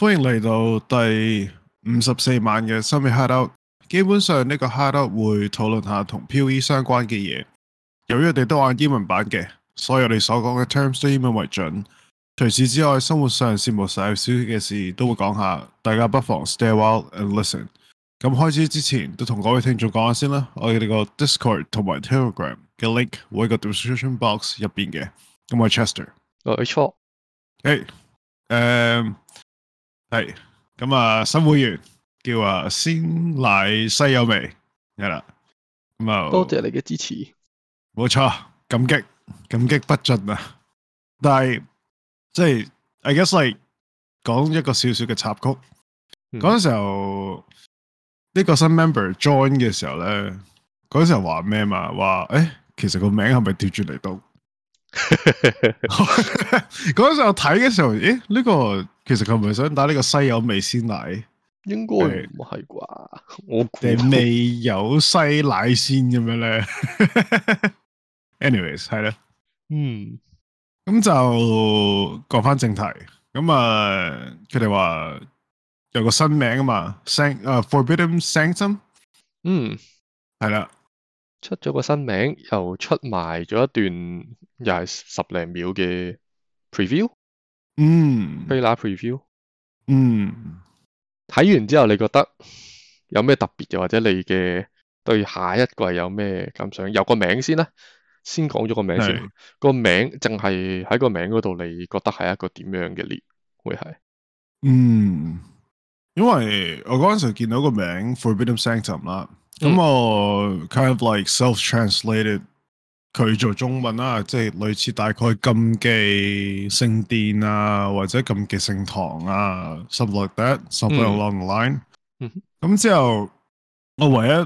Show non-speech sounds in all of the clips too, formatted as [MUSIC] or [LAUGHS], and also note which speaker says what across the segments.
Speaker 1: 歡迎嚟到第五十四晚嘅 Late Night Hideout。基本上呢個 Hideout 會討論下同 PoE 相關嘅嘢。由於我哋都玩英文版嘅，所以我哋所講嘅 terms 都以英文為準。除此之外，生活上、事務上、小嘅事都會講下，大家不妨 stay well and listen。咁開始之前，都同各位聽眾講下先啦。我哋個 Discord 同埋 Telegram 嘅 link 會喺個 description box 入邊嘅，咁我係 Chester。哦，沒錯。誒，誒。係咁啊，新會員叫啊鮮奶西柚味，係啦。咁啊，多
Speaker 2: 謝你嘅支持，
Speaker 1: 冇錯，感激感激不盡啊。但係即係，I guess 係、like，講一個少少嘅插曲。嗰陣、嗯、時候呢、呢個新 member join 嘅時候咧，嗰、那、陣、個、時候話咩嘛？話誒，其實個名係咪調轉嚟到？嗰 [LAUGHS] 時候睇嘅時候，咦、欸，呢、這個其實佢係咪想打呢個西柚味鮮奶？
Speaker 2: 應該
Speaker 1: 唔係啩？我哋未有西奶先。咁樣咧。Anyways，係啦，嗯，咁就講翻正題。咁啊，佢哋話有個新名啊嘛，San、uh, Forbidden Sanctum。
Speaker 2: 嗯，係啦。出咗個新名，又出埋咗一段又係十零秒嘅 preview，嗯 very longmm. preview，嗯，睇完之後你覺得有咩特別又或者你嘅對下一季有咩感想？由個名先啦，先講咗個名先，的個名淨係喺個名嗰度，你覺得係一個點樣嘅列？會係，嗯
Speaker 1: ，mm. 因為我嗰陣時見到個名 Forbidden Sanctum 啦。咁、嗯、我 kind of like self translated 佢做中文啦，即係類似大概禁忌聖殿啊或者禁忌聖堂啊 something like that, something、嗯、along the line 咁、嗯、哼之後我唯一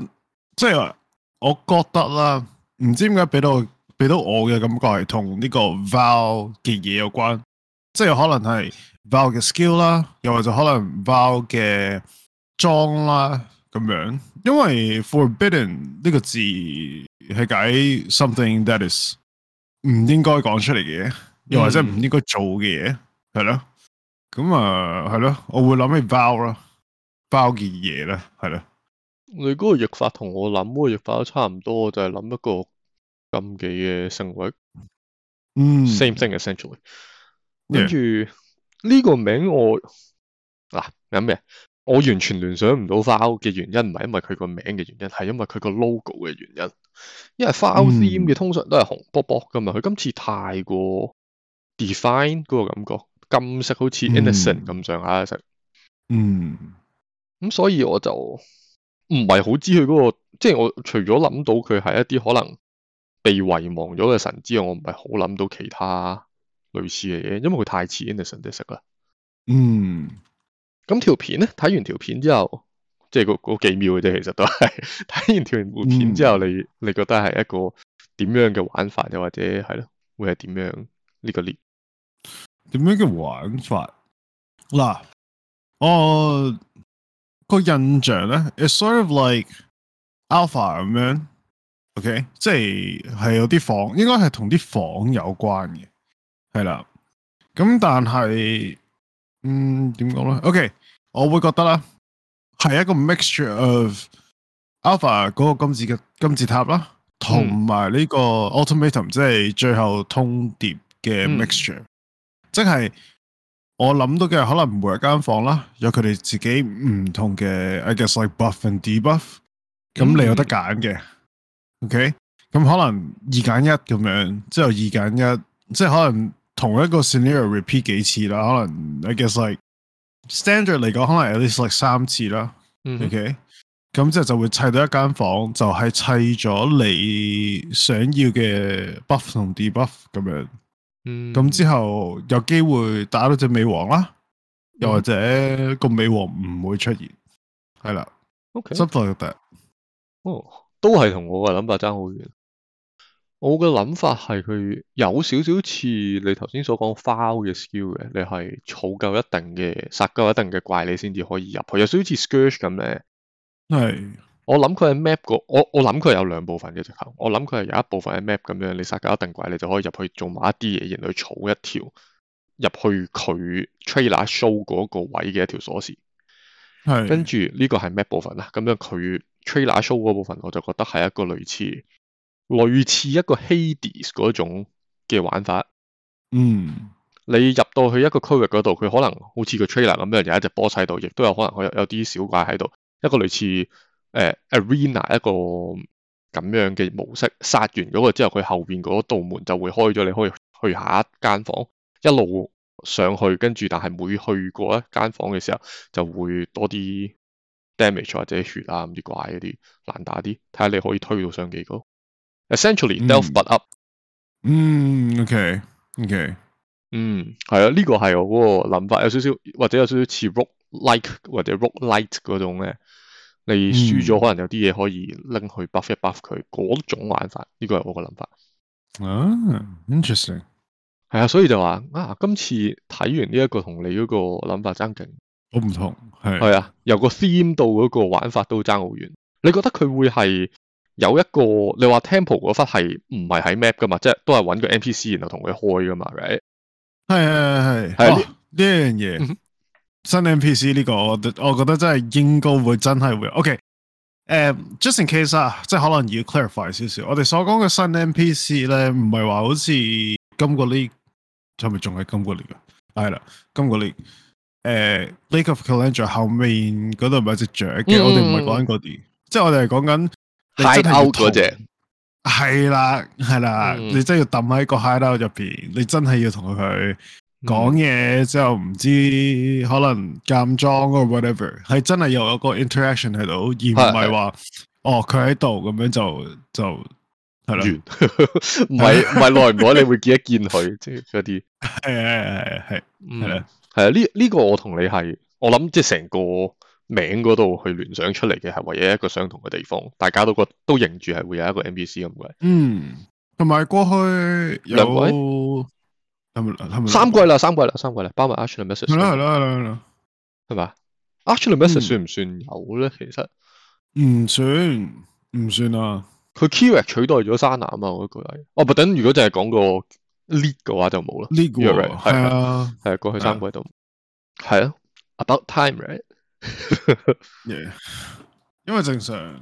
Speaker 1: 即係、就是、我覺得啦唔知點解俾到俾到我嘅感覺係同呢個 val 嘅嘢有關，即係、就是、可能係 val 嘅 skill 啦又或者可能 val 嘅裝啦.咁樣，因為 forbidden 呢個字係解 something that is 唔應該講出嚟嘅，嘢、嗯，又或者唔應該做嘅嘢，係咯。咁、嗯、啊，係、嗯、咯，我會諗起包咯包嘅嘢啦，係咯。
Speaker 2: 你嗰個譯法同我諗個譯法都差唔多，我就係諗一個禁忌嘅性位。嗯，same thing essentially。跟住呢個名我嗱諗咩？啊我完全聯想唔到花歐嘅原因，唔係因為佢個名嘅原因，係因為佢個 logo 嘅原因。因為花歐 team 嘅通常都係紅卜卜㗎嘛，佢今次太過 define 嗰個感覺，金色好似 Innocent 咁上下色、嗯。嗯。咁、嗯、所以我就唔係好知佢嗰、那個，即、就、係、是、我除咗諗到佢係一啲可能被遺忘咗嘅神之外，我唔係好諗到其他類似嘅嘢，因為佢太似 Innocent 啲色啦。嗯。咁條片咧，睇完條片之後，即係嗰嗰幾秒嘅啫。其實都係睇完條片之後，你、嗯、你覺得係一個點樣嘅玩法，又或者係咯，會係點樣呢、呢個列？
Speaker 1: 點樣嘅玩法？嗱，我、嗰個印象咧，係 sort of like alpha 咁樣。OK，即係係有啲房，應該係同啲房有關嘅，係啦。咁但係。嗯，點講咧？OK，我會覺得啦，係一個 mixture of alpha 嗰個金字塔金字塔啦、啊，同埋呢個 ultimatum 即係最後通牒嘅 mixture，、嗯、即係我諗到嘅可能每一間房啦，有佢哋自己唔同嘅，I guess like buff and debuff，咁、嗯、你有得揀嘅。OK，咁可能二揀一咁樣，之後二揀一，1, 即係可能。同一個 scenario repeat 幾次啦，可能 I guess like standard 嚟講，可能有啲 like 三次啦。OK 咁之後就會砌到一間房，就係、是、砌咗你想要嘅 buff 同 debuff 咁樣。咁、mm hmm。之後有機會打到隻美王啦，又或者個美王唔會出現，係啦、mm。Okay
Speaker 2: s 都係同我嘅諗法爭好遠。我嘅諗法係佢有少少似你頭先所講 file 嘅 skill 嘅，你係儲夠一定嘅、殺夠一定嘅怪，你先至可以入去，有少少似 scour 咁咧。
Speaker 3: 係是，
Speaker 2: 我諗佢係 map 個，我我諗佢有兩部分嘅結構。我諗佢係有一部分係 map 咁樣，你殺夠一定怪，你就可以入去做埋一啲嘢，然後儲一條入去佢 trailer show 嗰個位嘅一條鎖匙。係是，跟住呢、這個係 map 部分啦，咁樣佢 trailer show 嗰部分，我就覺得係一個類似。類似一個 Hades 嗰種嘅玩法，
Speaker 3: 嗯，mm.
Speaker 2: 你入到去一個區域嗰度，佢可能好似個 trailer 咁樣，有一隻波喺度，亦都有可能有有啲小怪喺度。一個類似誒、呃、arena 一個咁樣嘅模式，殺完嗰個之後，佢後邊嗰道門就會開咗，你可以去下一間房，一路上去。跟住但係每去過一間房嘅時候，就會多啲 damage 或者血啊，唔知怪嗰啲難打啲。睇下你可以推到上幾個。essentially、嗯、delf but up，嗯，OK，OK，嗯，係、okay, 啊、okay. 嗯，呢、這個係我嗰個諗法，有少少或者有少少似 rogue like 或者 rogue lite 嗰種咧，你輸咗、嗯、可能有啲嘢可以拎去 buff 一 buff 佢嗰種玩法，呢、這個係我個諗法。
Speaker 3: 啊、
Speaker 1: ah,，interesting，
Speaker 2: 係啊，所以就話啊，今次睇完呢一個同你嗰個諗法爭勁，好唔同，係係啊，由個 theme 到嗰個玩法都爭好遠，你覺得佢會係？有一個你話 temple 嗰忽係唔係喺 map 噶嘛，即係都係揾個 npc 然後同佢開噶嘛，係、right?
Speaker 1: 咪、啊？係係係係呢樣嘢新 npc 呢、這個，我我覺得真係應該會真係會。ok，誒、um,，just in case 啊，即係可能要 clarify 少少。我哋所講嘅新 npc 咧，唔係話好似今個 league，係咪仲係今個 league 噶？係啦、呃，今個 league 誒 Lake of Kalandra 後面嗰度咪有隻雀嘅，嗯、我哋唔係講緊嗰啲，即係我哋係講緊。high out 嗰隻係啦，係啦，你真係要抌喺個 high out 入邊，mm. 你真係要同佢講嘢之後，唔、嗯就是、知可能鑑裝或 whatever，係真係有一個 interaction 喺度，而唔係話哦佢喺度咁樣就就係咯，唔係唔係耐唔耐你會
Speaker 2: 見一見佢即係嗰啲誒係係係係啊呢呢個我同你係我諗即係成個。名嗰度去聯想出嚟嘅係唯一一個相同嘅地方，大家都覺都認住係會有一個 NBC 咁嘅。嗯，
Speaker 1: 同埋過去有
Speaker 2: 三季啦，三季啦，三季啦，包埋 Actually Message 啦，
Speaker 1: 係啦，係啦，
Speaker 2: 係嘛？Actually Message 算唔算有咧？其實唔算，唔算啊！佢 Kirk 取代咗 Sana 啊嘛，我一個哦。不等，如果就係講個
Speaker 1: lead 嘅話，就冇啦。lead 係啊，係啊，過去三季都，
Speaker 2: 係啊，About Time, Right？ [LAUGHS] yeah.
Speaker 1: 因為正常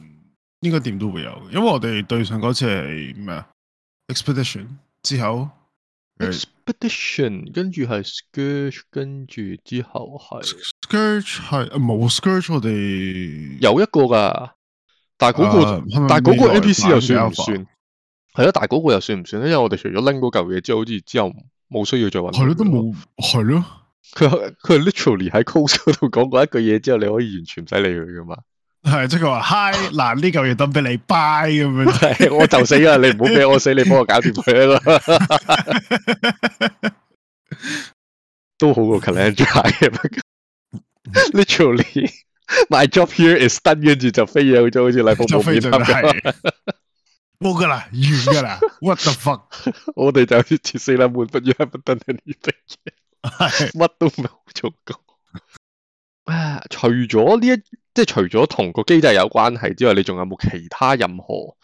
Speaker 1: 應該點都會有，因為我哋對上嗰次係咩啊？expedition 之後
Speaker 2: ，expedition 跟住係 scourge，跟住之後係
Speaker 1: scourge 係冇、啊、scourge，我哋
Speaker 2: 有一個噶，但係、那、嗰個、uh, 但係嗰個 NPC 又算唔算？係啊，但係嗰個又算唔算 [LAUGHS] 因為我哋除咗拎嗰嚿嘢之後，好似之後冇需要再揾，係咯，都冇，係咯。佢佢 literally 喺 call 度講過一句嘢，之後，你可以完全唔使理佢噶嘛？
Speaker 1: 係即係佢話 hi 嗱呢嚿嘢，等俾你 bye 咁樣，我就死啦！你唔好俾我死，你幫我搞
Speaker 2: 掂佢啦，都好過 calendar 嘅 literally my job here is done，跟住就飛咗去咗，好似嚟瀑布邊咁
Speaker 1: 冇噶啦，
Speaker 2: 完噶啦 w h a 我哋就似鐵絲冷門，不如不登乜 [LAUGHS] 都冇做過。啊，除咗呢一，即係除咗同個機制有關係之外，你仲有冇其他任何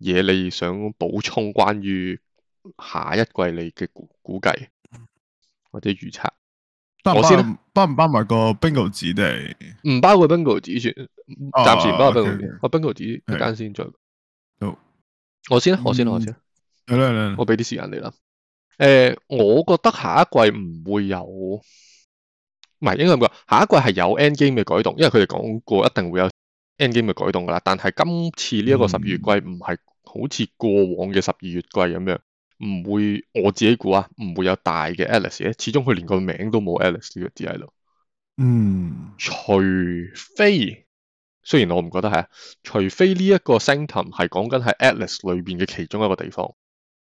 Speaker 2: 嘢你想補充關於下一季你嘅估估計或者預測？我先包唔包埋個 bingo 紙地？唔包括 bingo 紙，暫時唔包括 bingo 紙，個 bingo 紙一間先再。好，我先啦，我先啦，我先啦。嚟嚟，我俾啲時間你啦。誒、呃，我覺得下一季唔會有，唔係應該咁講下一季係有 Endgame 嘅改動，因為佢哋講過一定會有 Endgame 嘅改動噶啦。但係今次呢一個十二月季唔係好似過往嘅十二月季咁樣，唔會我自己估啊，唔會有大嘅 Atlas，始終佢連個名都冇 Atlas 呢個字喺度。嗯，除，除非雖然我唔覺得係，除非呢一個 Sanctum 係講緊喺 Atlas 裏邊嘅其中一個地方。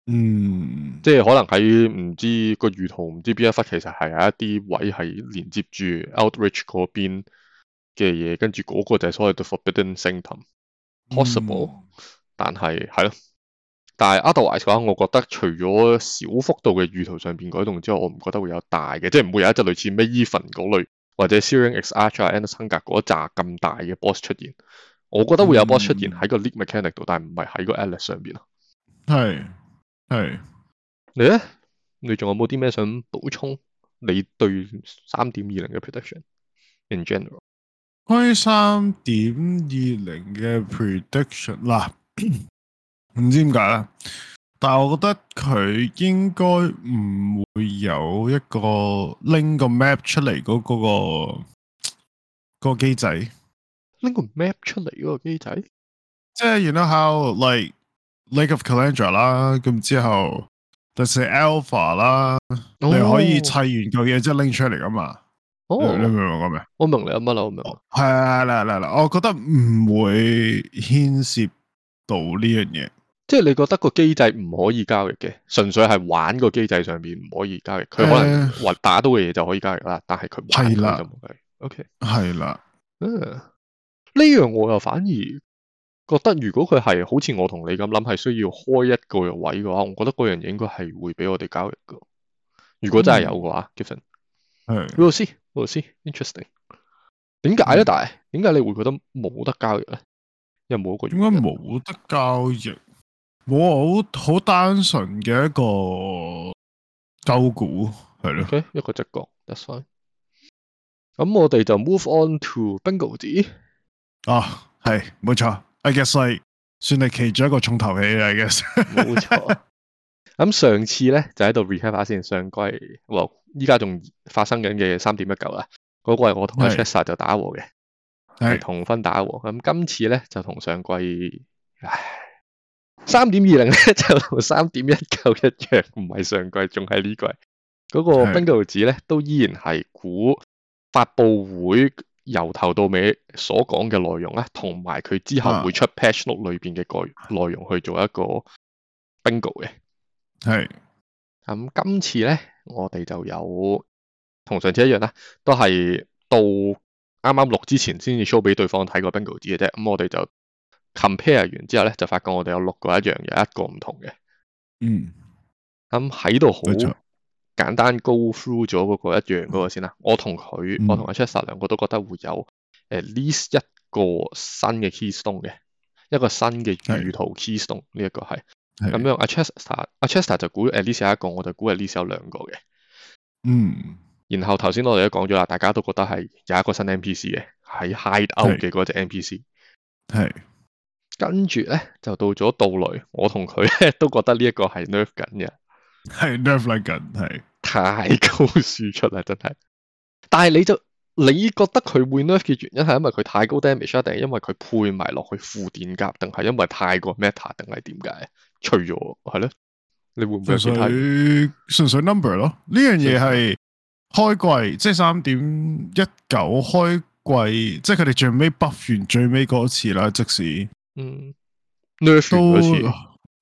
Speaker 2: 嗯，即係可能喺唔知個預圖唔知邊一忽，其實係有一啲位係連接住 outreach 嗰邊嘅嘢，跟住嗰個就係所謂嘅 forbidden symptom possible，但係係咯，但係 Atlas 嘅話，我覺得除咗小幅度嘅預圖上邊改動之外，我唔覺得會有大嘅，即係唔會有一隻類似咩伊凡嗰類或者 Searing Exarch 啊 Anderson 格嗰扎咁大嘅 boss 出現，我覺得會有 boss 出現喺個 league mechanic 度，嗯，但係唔係喺個 Atlas 上邊咯，
Speaker 1: 係。係
Speaker 2: 是你咧，你仲有冇啲咩想補充？你對三點二零嘅 prediction in general？
Speaker 1: 開三點二零嘅 prediction 嗱，唔 [COUGHS] 知點解咧？但係我覺得佢應該唔會有一個拎個 map 出嚟嗰嗰個，那個機仔，
Speaker 2: 拎個 map 出嚟嗰個機仔，
Speaker 1: 即係 you know how like。Lake of Calandra 啦，咁之後，第四 Alpha 啦，oh. 你可以砌完舊嘢之後拎出嚟啊嘛，oh. 你
Speaker 2: 明唔明我講咩？我明你乜啦，我明、哦。
Speaker 1: 係啦啦啦，我覺得唔會牽
Speaker 2: 涉到呢樣嘢，即係你覺得個機制唔可以交易嘅，純粹係玩個機制上邊唔可以交易，佢可能或打到嘅嘢就可以交易啦，呃、但係佢係啦，係，OK，係啦，呢樣我又反而，覺得如果佢係好似我同你咁諗，係需要開一個位嘅話，我覺得嗰樣嘢應該係會俾我哋交易嘅。如果真係有嘅話 Given 係，老師、嗯，老師 Given.，interesting，點解咧？但係、嗯，點解你會覺得冇得交易咧？又冇一個應該冇得交易，冇好好單純嘅一個交股係咯，okay, 一個直覺，一雙。咁我哋就 move on to Bingo
Speaker 1: 啊，係，冇錯。I guess like, 算係騎住一個重頭戲啊！I guess 冇 [LAUGHS] 錯。
Speaker 2: 咁上次咧就喺度 recap 下先，上季，依家仲發生緊嘅三點一九啊，嗰、那個係我同阿 Trisha 就打和嘅，係是同分打和。咁今次咧就同上季，唉，三點二零咧就同三點一九一樣，唔係上季，仲係、那個、呢季。嗰個冰度 n g 咧都依然係估發布會。由頭到尾所講嘅內容咧，同埋佢之後會出 patch note 裏邊嘅個內容去做一個 bingo 嘅，
Speaker 3: 係是。
Speaker 2: 咁、嗯、今次咧，我哋就有同上次一樣啦，都係到啱啱錄之前先至 show 俾對方睇個 bingo 紙嘅啫。咁、嗯、我哋就 compare 完之後咧，就發覺我哋有六個一樣，有一個唔同嘅。嗯。咁喺度好。簡單 go through 咗嗰、嗰個一樣嗰個先啦。我同佢，我同阿 Chester 兩個都覺得會有 at least 一個新嘅 keystone 嘅，一個新嘅預圖 keystone 呢一是個係。咁是樣阿 Chester，阿 Chester 就估 at least 有一個，我就估係 at least 有兩個嘅。嗯。然後頭先我哋都講咗啦，大家都覺得係有一個新 NPC 嘅，喺 Hideout 嘅嗰隻 NPC。係。跟住咧就到咗道雷，我同佢都覺得呢一個係 nerf 緊嘅。係 nerf like 咁係太高輸出啦，真係。但係你就你覺得佢會 nerf 嘅原因係因為佢太高 damage，一定係因為佢配埋落去負電夾，定係因為太過 meta，定係點解？除咗係咯，你會唔會先睇？
Speaker 1: 純粹 number 咯，呢樣嘢係開季，即係三點一九開季，即係佢哋最尾 buff 完最尾嗰次啦，即使嗯，nerf like、都。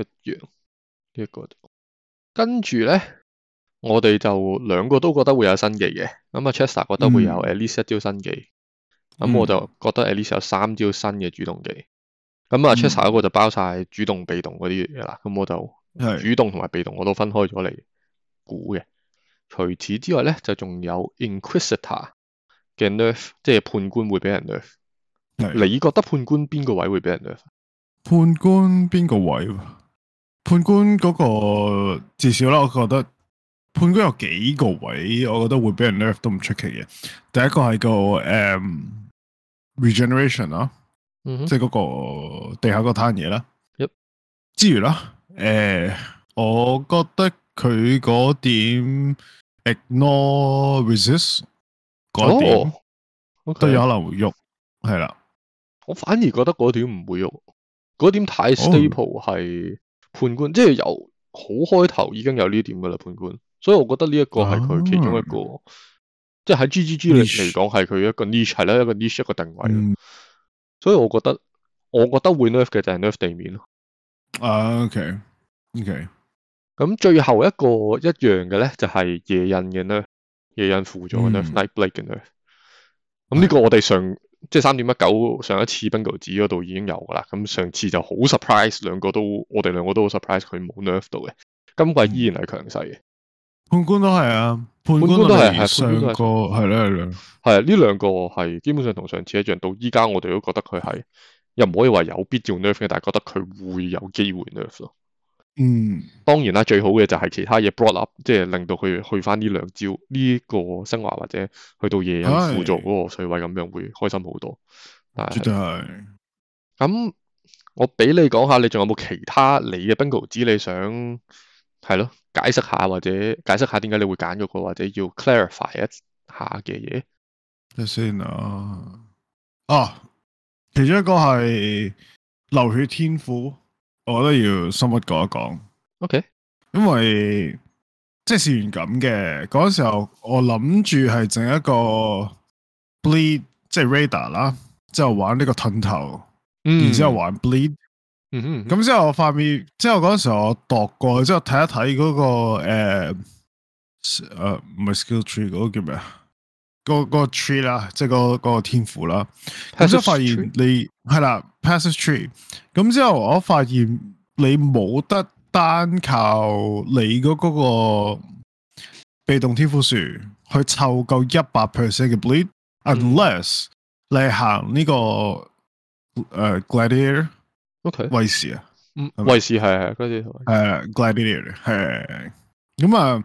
Speaker 2: 一樣一個，這個、跟住咧，我哋就兩個都覺得會有新技嘅。咁、嗯、啊，Chester 覺得會有 at least 一招新技。咁、嗯啊、我就覺得 at least 有三招新嘅主動技。咁、嗯、啊，Chester 嗰個就包晒主動、被動嗰啲嘢啦。咁、嗯、我就主動同埋被動我都分開咗嚟估嘅。是的 除此之外咧，就仲有 Inquisitor 嘅 Nerf，即係判官會俾人 Nerf。是的 你覺得判官邊個位會俾人 Nerf？
Speaker 1: 判官邊個位？判官嗰、那個至少啦，我覺得判官有幾個位，我覺得會俾人 nerf 都唔出奇嘅。第一個係個誒、um, regeneration 啦、啊，嗯、哼即係、那、嗰個地下嗰攤嘢啦。一、嗯、哼之餘啦，誒、呃，我覺得佢嗰點 ignore resist 嗰點、哦
Speaker 2: okay、都有可能郁，係啦。我反而覺得嗰點唔會郁，嗰點太 stable 係、哦。判官，即係由好開頭已經有呢點噶啦，判官，所以我覺得呢一個係佢其中一個，啊、即係喺 G G G 嚟嚟講係佢一個 niche 係啦，一個 niche 一個定位。嗯、所以我覺得，我覺得會 nerf 嘅就係 nerf 地面咯。啊、uh,，OK OK。咁最後一個一樣嘅咧，就係、是、夜刃嘅 nerf 夜刃輔助嘅 nerf，night blade 嘅 nerf。咁呢個我哋上。嗯即係三點一九上一次 Bingo 紙嗰度已經有㗎啦，咁上次就好 surprise，兩個都我哋兩個都好 surprise 佢冇 n e r v 到嘅，今季依然係強勢嘅。
Speaker 1: 判、嗯、官都係啊，判官都係係上個係咯係兩，
Speaker 2: 係呢兩個係基本上同上次一樣，到依家我哋都覺得佢係又唔可以話有必要 n e r v e 但係覺得佢會有機會 n e r v 咯。嗯，當然啦，最好嘅就係其他嘢 brought up，即係令到佢去翻呢兩招，呢、這個升華或者去到夜人輔助嗰個水位咁樣，會開心好多。是但絕對係。咁我俾你講下，你仲有冇其他你嘅 bingo 紙你想係咯？解釋下或者解釋下點解你會揀嗰個，或者要 clarify 一下嘅嘢。
Speaker 1: 先啊，啊，其中一個係流血天賦。我都要深入講一講，OK？因為即係試完咁嘅嗰時候，我諗住係整一個 bleed，即係 rider 啦，之後玩呢個吞頭，mm hmm. 然之後玩 bleed，咁、
Speaker 3: mm hmm.
Speaker 1: 之後我發現，即係我嗰時候我度過，之後睇一睇嗰、嗰個誒，誒、uh, uh,，唔係 skill tree 嗰個叫咩啊？個個 tree 啦，即係個個天賦啦。咁之後發現你係啦 passive、嗯、tree。咁之後我發現你冇得單靠你嗰嗰個被動天賦樹去湊夠一百 percent 嘅 bleed，unless 你行呢、這個誒 Gladiator。Uh, Gl ok，衛士啊，
Speaker 2: 衛、嗯、士係係，嗰啲
Speaker 1: 誒 Gladiator 係。咁啊。Uh,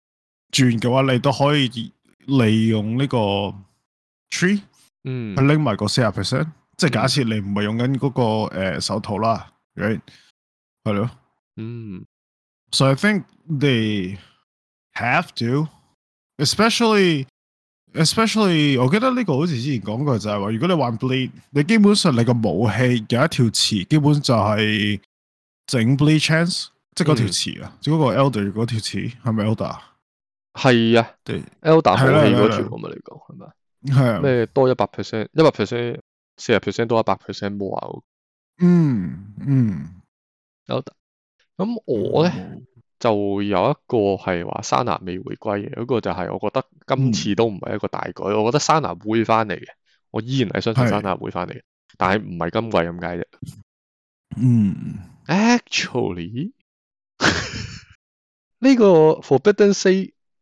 Speaker 1: 轉嘅話，你都可以利用呢個 tree，
Speaker 3: 嗯，去拎
Speaker 1: 埋個四十 percent，即係假設你唔係用緊、那、嗰個、呃、手套啦，right，係咯、嗯，嗯，so I think they have to，especially，especially 我記得呢個好似之前講過就係話，如果你玩 bleed，你基本上你個武器有一條詞，基本就係整 bleed chance，即係嗰條詞啊，即嗰、嗯、個 elder 嗰條詞係咪 elder？
Speaker 2: 係啊，對 l 打空氣嗰條啊嘛嚟講係咪？係咩多一百 percent，一百 percent，四十 percent 多一百 percent，more。嗯嗯 l d a 咁我咧就有一個係話，sana 未回歸嘅，一個就係我覺得今次都唔係一個大改，我覺得 sana 會翻嚟嘅，我依然係相信 sana 會翻嚟嘅，但係唔係今季咁解啫。嗯，actually，呢個 forbidden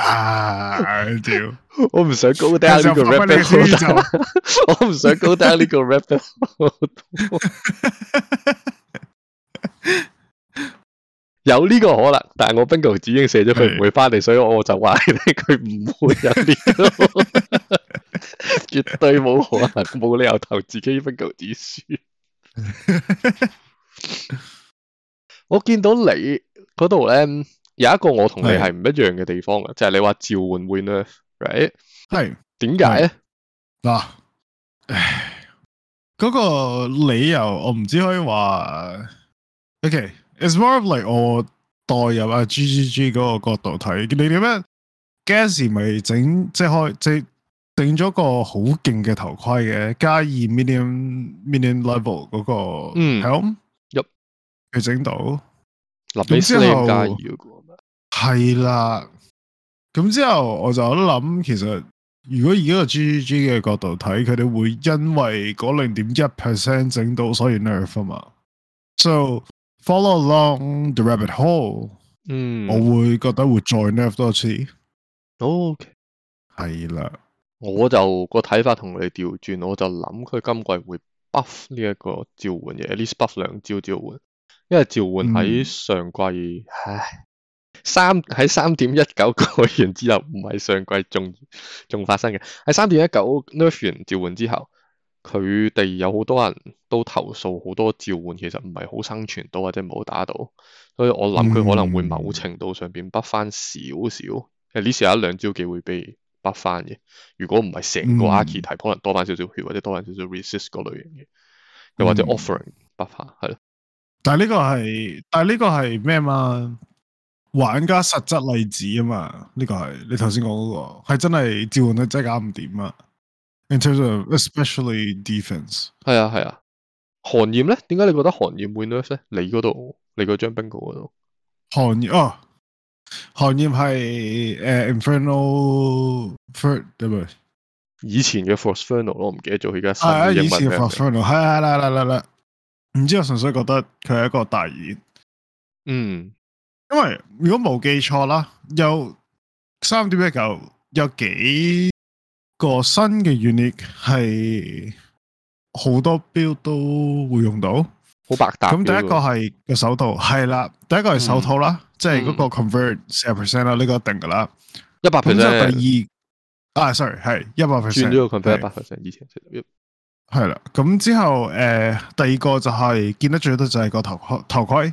Speaker 1: 啊！屌、ah， [LAUGHS] 我唔想高 down 呢個 rap，我
Speaker 3: 唔想高 [LAUGHS] down 呢個 rap
Speaker 2: 有呢個可能，但係我 Bingo 已經射咗佢，唔的會翻嚟，所以我就話佢唔會有料，絕對冇可能，冇 [LAUGHS] 理由投自己 Bingo 紙輸。 [LAUGHS] 我見到你嗰度咧。有一個我同你係唔一樣嘅地方嘅，就係是你話召喚會 nerf，right？係點解咧？嗱，唉，
Speaker 1: 嗰、嗰個理由我唔知可以話。OK，it's more of like 我代入阿 G G G 嗰個角度睇，你點樣？Gassy 咪整即係開即定咗個好勁嘅頭盔嘅，加二 minimum minimum level 嗰、嗯、個 helm 咁，入佢整到，
Speaker 2: 立起之後 yeah, based name 加二
Speaker 1: 係啦，咁之後我就諗，其實如果以一個 GG 嘅角度睇，佢哋會因為嗰零點一 percent 整到，所以 nerf 嘛，so follow along the rabbit hole。嗯，我會覺得會再 nerf 多次。
Speaker 2: OK，係啦，我就個睇法同你調轉，我就諗佢今季會 buff 呢一個召喚嘅，至少 buff 兩招召喚，因為召喚喺上季，嗯、唉。三喺三點一九個完之後，唔係上季仲仲發生嘅，喺三點一九 nerf 完召喚之後，佢哋有好多人都投訴，好多召喚其實唔係好生存到或者冇打到，所以我諗佢可能會某程度上邊補翻少、嗯、少。誒，呢時有一兩招機會被補翻嘅，如果唔係成個 architect、嗯、可能多翻少少血或者多翻少少 resist 嗰類型嘅，又或者 offering 補翻係咯、嗯。
Speaker 1: 但係呢個係但係呢個係咩嘛？玩家實質例子啊嘛，呢個係你頭先講嗰個，係真係召喚得真係搞唔掂啊。In terms of especially
Speaker 2: defense 係啊係啊。寒焰咧，點解你覺得寒焰會 nerf 咧？你嗰度，你嗰張 bingo 度、
Speaker 1: 哦，寒焰啊，寒焰、uh, 係誒 infernal、no、third，係咪？Ert,
Speaker 2: 以前嘅 force infernal 我唔記得咗，而家新嘅英文。係啊，以前嘅 force
Speaker 1: infernal 係係啦啦啦啦。唔、啊啊啊啊啊啊、知我純粹覺得佢係一個大熱，嗯。因為如果冇記錯啦，有三點一九，有幾個新嘅 unit 係好多標、er、都會用到，好白搭。咁第一個係個手套，係、嗯、啦，第一個係手套啦，嗯、即係嗰個 convert 十 percent 啦，呢、這個一定噶啦，
Speaker 2: 一百 percent。第二
Speaker 1: 啊，sorry，係一百 percent。轉個 convert 一百 percent，係對啦。咁之後誒、呃，第二個就係、是、見得最多就係個頭盔，頭盔。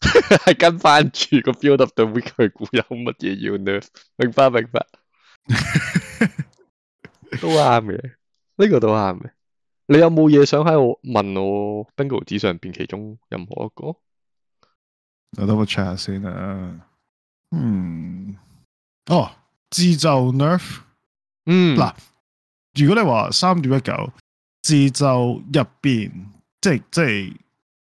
Speaker 2: 係跟返住個 feel 度，就唔會佢估有乜嘢要 nerf。明白明白。 [LAUGHS] [LAUGHS] 都啱嘅，呢、呢個都啱嘅。你有冇嘢想喺我問我 bingo 紙上邊其中任何一個？
Speaker 1: 我等我 check 下先啊。嗯。哦，自就。nerf。嗯。嗱，如果你話三點一九自就入邊，即係即係。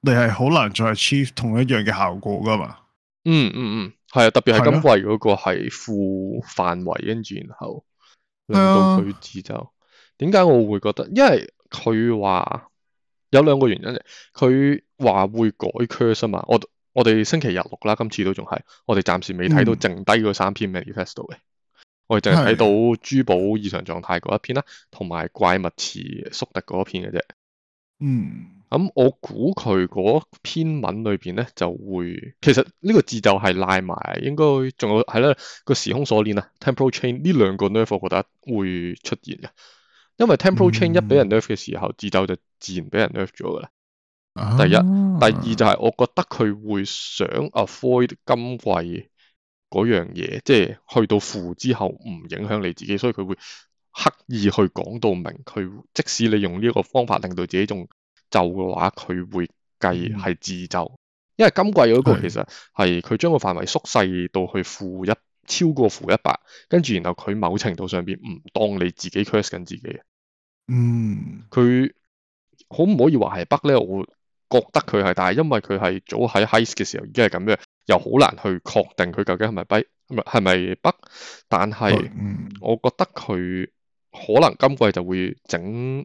Speaker 1: 你係好難再 achieve 同一樣嘅效果噶嘛？嗯
Speaker 2: 嗯嗯，係、嗯嗯、啊，特別係今季嗰個係負範圍，跟住然後令到佢止就點解我會覺得？因為佢話有兩個原因嚟，佢話會改 curse 啊嘛。我我哋星期日六啦，今次都仲係，我哋暫時未睇到剩低嗰三篇 manifesto 嘅，我淨係睇到珠寶異常狀態嗰一篇啦，同埋是怪物池縮特」嗰一篇嘅啫。
Speaker 3: 嗯。
Speaker 2: 咁、嗯、我估佢嗰篇文裏邊咧，就會其實呢個詛咒係賴埋，應該仲有係啦、這個時空鎖鏈啊 [NOISE] ，temporal chain 呢兩個 nerf 我覺得會出現嘅，因為 temporal chain 一俾人 nerf 嘅時候，詛咒、嗯、就自然俾人 nerf 咗噶啦。第一，啊、第二就係我覺得佢會想 avoid 今季嗰樣嘢，即係去到負之後唔影響你自己，所以佢會刻意去講到明，佢即使你用呢個方法令到自己仲。就嘅話，佢會計係自就，因為今季嗰個其實係佢將個範圍縮細到去負一，超過負一百，跟住然後佢某程度上邊唔當你自己 crash 緊自己。嗯。佢可唔可以話係北咧？我覺得佢係，但係因為佢係早喺 high 嘅時候已經係咁樣，又好難去確定佢究竟係咪北，唔係咪北？但係我覺得佢可能今季就會整。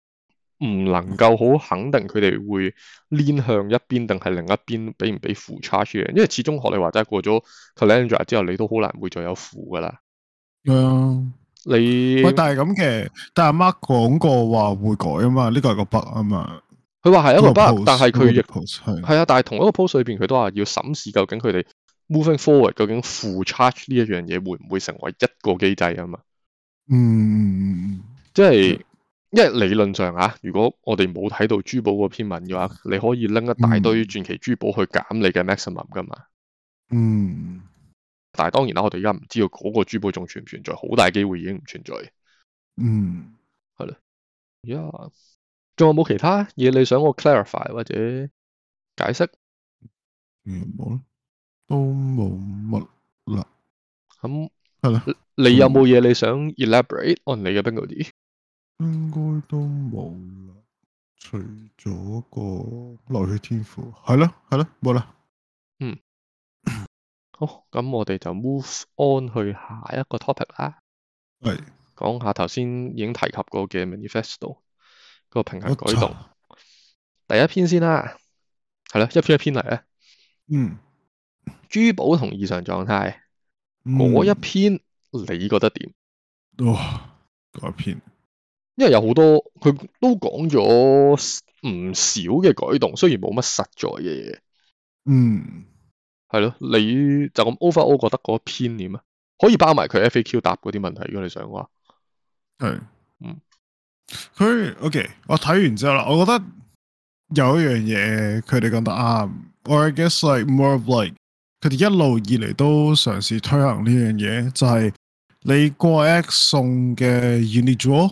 Speaker 2: 唔能夠好肯定佢哋會 lean 向一邊定係另一邊，俾唔俾負 charge 嘅？因為始終學你話齋過咗 calendar 之後，你都好難會再有負噶啦。係 Yeah. 你但係
Speaker 1: 咁嘅，但阿媽講過話會改啊嘛，呢個係個 bug 啊嘛。佢
Speaker 2: 話係一個 bug，但係佢亦係啊。但係同一個 post 裏邊，佢都話要審視究竟佢哋 moving forward 究竟負 charge 呢一樣嘢會唔會成為一個機制啊嘛？嗯，即係。因為理論上啊，如果我哋冇睇到珠寶個篇文嘅話，你可以拎一大堆傳奇珠寶去減你嘅 maximum 噶嘛。嗯。但係當然啦，我哋而家唔知道嗰個珠寶仲存唔存在，好大機會已經唔存在。
Speaker 3: 嗯。
Speaker 2: 係咯。呀。仲有冇其他嘢你想我 clarify 或者解釋？嗯。冇啦，都冇乜啦。咁係咯。你有冇嘢你想 elaborate on 你嘅 bingo 紙？應該都冇啦，除
Speaker 1: 咗個流血天賦，係咯係咯冇啦。嗯，
Speaker 2: [COUGHS] 好，咁我哋就 move on 去下一個 topic 啦。係的，講下頭先已經提及過嘅 manifesto 個平衡改動， [COUGHS] 第一篇先啦，係咯一篇一篇嚟咧。嗯，珠寶同異常狀態，嗰、那個、一篇、嗯、你覺得點？
Speaker 1: 哇、呃，嗰一篇。
Speaker 2: 因為有好多佢都講咗唔少嘅改動，雖然冇乜實在嘅嘢。
Speaker 3: 嗯，
Speaker 2: 係咯，你就咁 over，我覺得嗰篇點啊？可以包埋佢 FAQ 答嗰啲問題，如果你想嘅
Speaker 1: 話。係是，嗯，佢 OK，我睇完之後啦，我覺得有一樣嘢佢哋講得啱。我 guess like more of like 佢哋一路以嚟都嘗試推行呢樣嘢，就係、是、你過 x 送嘅 individual。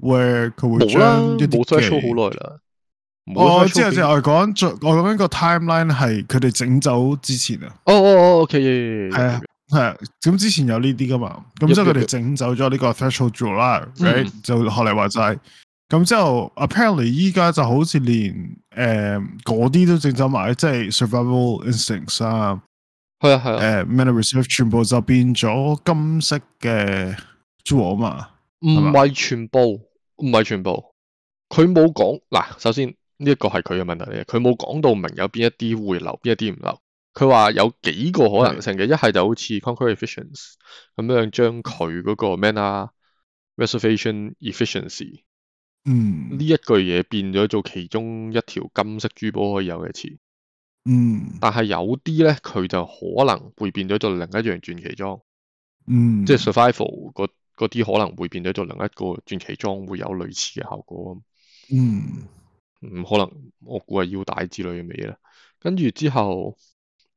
Speaker 2: 會佢會將一啲冇啦，冇衰好耐啦。我之前我
Speaker 1: 講我講一個 timeline 係佢哋整走之前啊。
Speaker 2: 哦哦哦，OK，係
Speaker 1: 啊係啊。咁之前有呢啲噶嘛？咁之後佢哋整走咗呢個 festival jewel 啦。就學嚟話齋。咁之後 apparently 依家就好似連誒嗰啲都整走埋，即係 survival instincts 啊。係啊係啊。誒，many reserve 全部就變咗金色嘅 jewel 啊嘛。唔係全
Speaker 2: 部，唔係全部，佢冇講嗱。首先呢一個係佢嘅問題嚟嘅，佢冇講到明有邊一啲會留，邊一啲唔留。佢話有幾個可能性嘅，的一係就好似 concurrent efficiency 咁樣將佢嗰個 mana reservation efficiency，嗯，呢一句嘢變咗做其中一條金色珠寶可以有嘅詞，嗯。但係有啲咧，佢就可能會變咗做另一樣傳奇裝，嗯，即係 survival 嗰啲可能會變咗做另一個傳奇裝，會有類似嘅效果。嗯，唔、嗯、可能，我估係腰帶之類嘅嘢啦。跟住之後，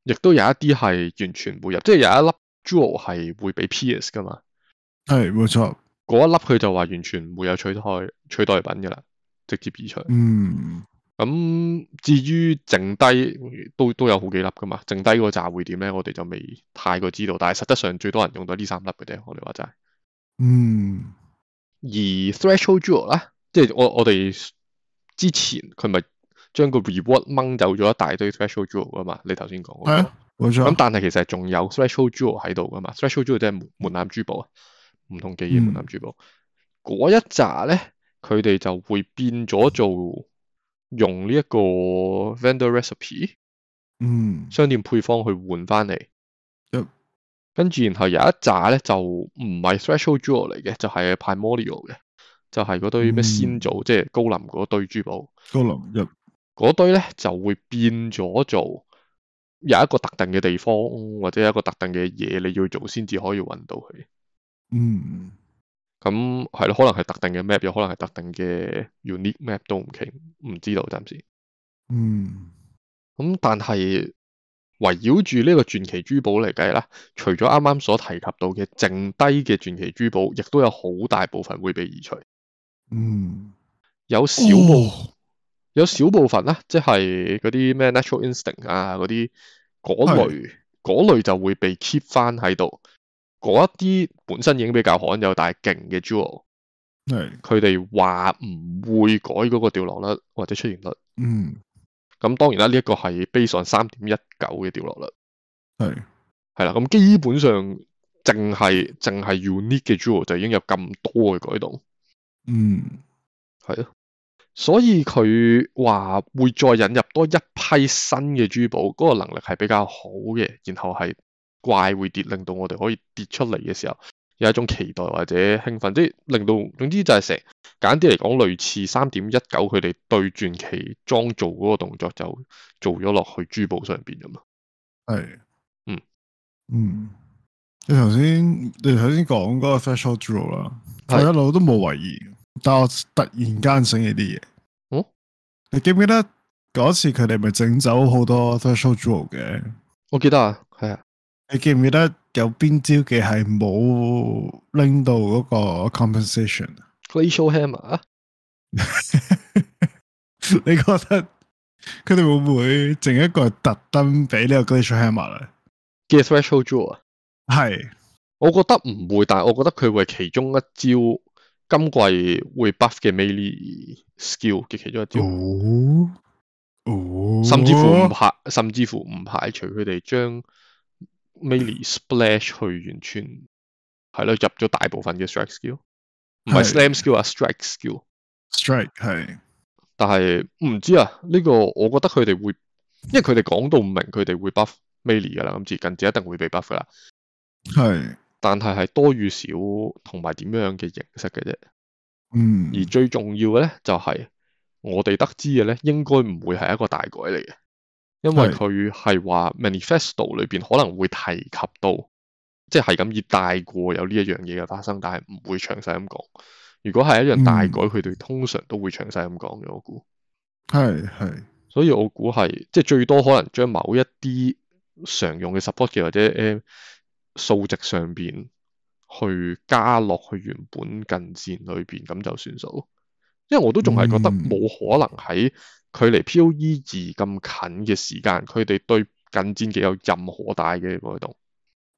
Speaker 2: 亦都有一啲係完全冇入，即係有一粒 jewel 係會俾 PS 噶嘛。
Speaker 1: 係冇、哎、錯，
Speaker 2: 嗰一粒佢就話完全唔會有取代取代品噶啦，直接移除。嗯，咁、嗯、至於剩低都都有好幾粒噶嘛，剩低嗰扎會點咧？我哋就未太過知道，但係實質上最多人用到呢三粒嘅啫。我哋話齋嗯，而 threshold jewel 咧，即係我我哋之前佢咪將個 reward 掹走咗一大堆 threshold jewel、那個、啊、嗯、啊嘛，你頭先講係啊，冇錯。咁但係其實仲有 threshold jewel 喺度噶嘛，threshold jewel 即係門檻珠寶啊，唔同嘅嘢門檻珠寶嗰一扎咧，佢哋就會變咗做用呢一個 vendor recipe，嗯，商店配方去換翻嚟。跟住然後有一紮咧就唔係 special jewel 嚟嘅，就係 primordial 嘅，就係嗰堆咩先祖，嗯、即係高林嗰堆珠寶。高林一，嗰堆咧就會變咗做有一個特定嘅地方，或者一個特定嘅嘢你要做先至可以揾到佢。
Speaker 3: 嗯，
Speaker 2: 咁係咯，可能係特定嘅 map，有可能係特定嘅 unique map 都唔傾，唔知道暫時。嗯，咁但係。圍繞住呢個傳奇珠寶嚟計啦，除咗啱啱所提及到嘅剩低嘅傳奇珠寶，亦都有好大部分會被移除。嗯，有少部有少部分啦、哦，即係嗰啲咩 natural instinct 啊，嗰啲嗰類嗰是類就會被 keep 翻。喺度嗰一啲本身已經比較罕有但係勁嘅 jewel，係佢哋話唔會改嗰個掉落率或者出現率。嗯。咁當然啦，呢、這、一個係 based on 三點一九嘅掉落率，係係啦，咁基本上淨係淨係 Unique 嘅 Jewel 就已經有咁多嘅改動，嗯，係啊，所以佢話會再引入多一批新嘅珠寶，嗰、那個能力係比較好嘅，然後係怪會跌，令到我哋可以跌出嚟嘅時候。有一種期待或者興奮，即係令到，總之就係成簡啲嚟講，類似三點一九佢哋對轉期裝做嗰個動作，就做咗落去珠寶上邊咁啊。
Speaker 3: 係的，
Speaker 1: 嗯，嗯。你頭先你頭先講嗰個 threshold draw 啦，我一路都冇懷疑，但我突然間醒起啲嘢。哦、嗯，你記唔記得嗰次佢哋咪整走好多 threshold draw 嘅？我記得啊，係啊，你記唔記得？有邊招嘅係冇拎到嗰個 compensation？glacial hammer 啊？你覺得佢哋會唔會剩一個特登俾呢個 glacial hammer 咧
Speaker 2: ？threshold jewel 係，我覺得唔會，但係我覺得佢會其中一招今季會 buff 嘅 melee skill 嘅其中一招。
Speaker 3: 哦哦，甚至乎唔
Speaker 2: 排，甚至乎唔排除佢哋將。melee splash 去完全係咯，入咗大部分嘅 st st strike skill，唔係 slam skill 啊，strike skill，strike 係，但係唔知啊，呢、這個我覺得佢哋會，因為佢哋講到唔明，佢哋會 buff melee 噶啦，咁最近就一定會被 buff 噶啦，係的，但係係多與少同埋點樣嘅形式嘅啫，
Speaker 3: 嗯，而
Speaker 2: 最重要嘅咧就係、是、我哋得知嘅咧，應該唔會係一個大改嚟嘅。因為佢係話 manifesto 裏邊可能會提及到，是即係咁以帶過有呢一樣嘢嘅發生，但係唔會詳細咁講。如果係一樣大改，佢哋，嗯、通常都會詳細咁講嘅。我估係係，所以我估係即係最多可能將某一啲常用嘅 support 嘅或者誒、呃、數值上邊去加落去原本近戰裏邊咁就算數。因為我都仲係覺得冇可能喺。嗯距離 PoE2 咁近嘅時間，佢哋對近戰技有任何大嘅改動？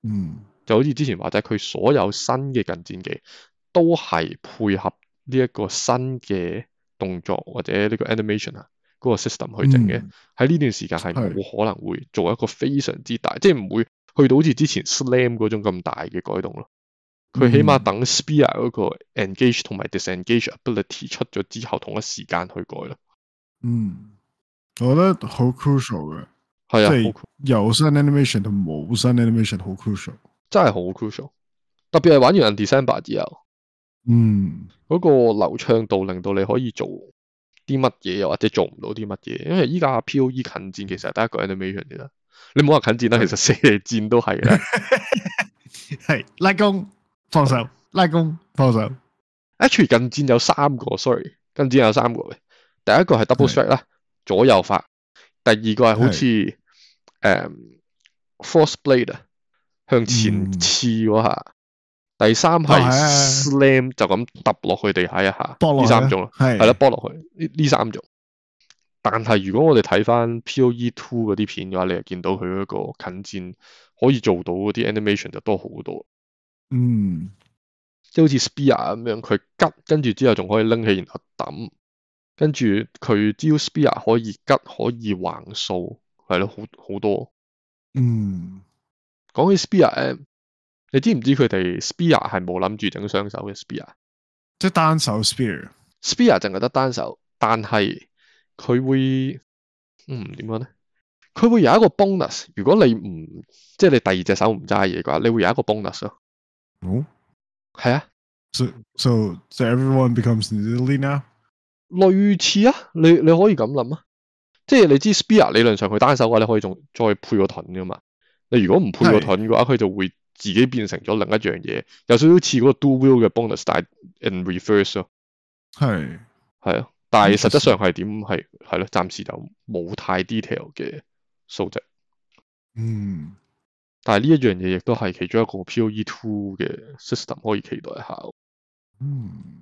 Speaker 3: 嗯，
Speaker 2: 就好似之前話齋，佢所有新嘅近戰技都係配合呢一個新嘅動作或者呢個 animation 啊，嗰個 system 去整嘅。喺呢、嗯、段時間係冇可能會做一個非常之大，即係唔會去到好似之前 slam 嗰種咁大嘅改動咯。佢起碼等 Spear 嗰個 engage 同埋 disengage ability 出咗之後，同一時間去改咯。
Speaker 1: 嗯，我覺得好 crucial 嘅，係啊有新 animation 同冇新 animation 好 crucial，
Speaker 2: 真係好 crucial。特別係玩完 Undecember 之後，
Speaker 3: 嗯，
Speaker 2: 嗰個流暢度令到你可以做啲乜嘢，又或者做唔到啲乜嘢。因為依家 POE 近戰其實係得一個 animation 嘅啦，你唔好話近戰啦，是其實射箭都係嘅。係 [LAUGHS] [LAUGHS] 拉弓放手，拉弓放手。Actually 近戰有三個，sorry，近戰有三個。第一個係 double strike 啦，st rike, 是的 左右發；第二個係好似誒 force blade 向前刺嗰下；嗯、第三係 slam、啊、就咁揼落去地下一下。呢、啊、三種咯，係啦的，撥落去呢呢三種。但係如果我哋睇翻 Poe Two 嗰啲片嘅話，你就見到佢嗰個近戰可以做到嗰啲 animation 就多好多。嗯，即係好似 spear 咁樣，佢急，跟住之後仲可以拎起然後抌。跟住佢只要，Spear 可以吉，可以橫掃，係咯，好好多。
Speaker 3: 嗯，
Speaker 2: 講起 Spear M，你知唔知佢哋 Spear 係冇諗住整雙手嘅 Spear？即係單手 Spear，Spear 淨係得單手，但係佢會，嗯，點講咧？佢會有一個 bonus，如果你唔即係你第二隻手唔揸嘢嘅話，你會有一個 bonus 咯。
Speaker 1: 哦，係啊，so so so everyone becomes
Speaker 2: linear now 類似啊，你你可以咁諗啊，即係你知 Spear 理論上佢單手嘅你可以仲再配個盾㗎嘛？你如果唔配個盾嘅話，佢的就會自己變成咗另一樣嘢，有少少似嗰個 Do Well 嘅 bonus，但 in reverse 咯。係係啊，的但係實質上係點係係咯？暫時就冇太 detail 嘅數值。嗯，但係呢一樣嘢亦都係其中一個 POE Two 嘅 system 可以期待一下。嗯。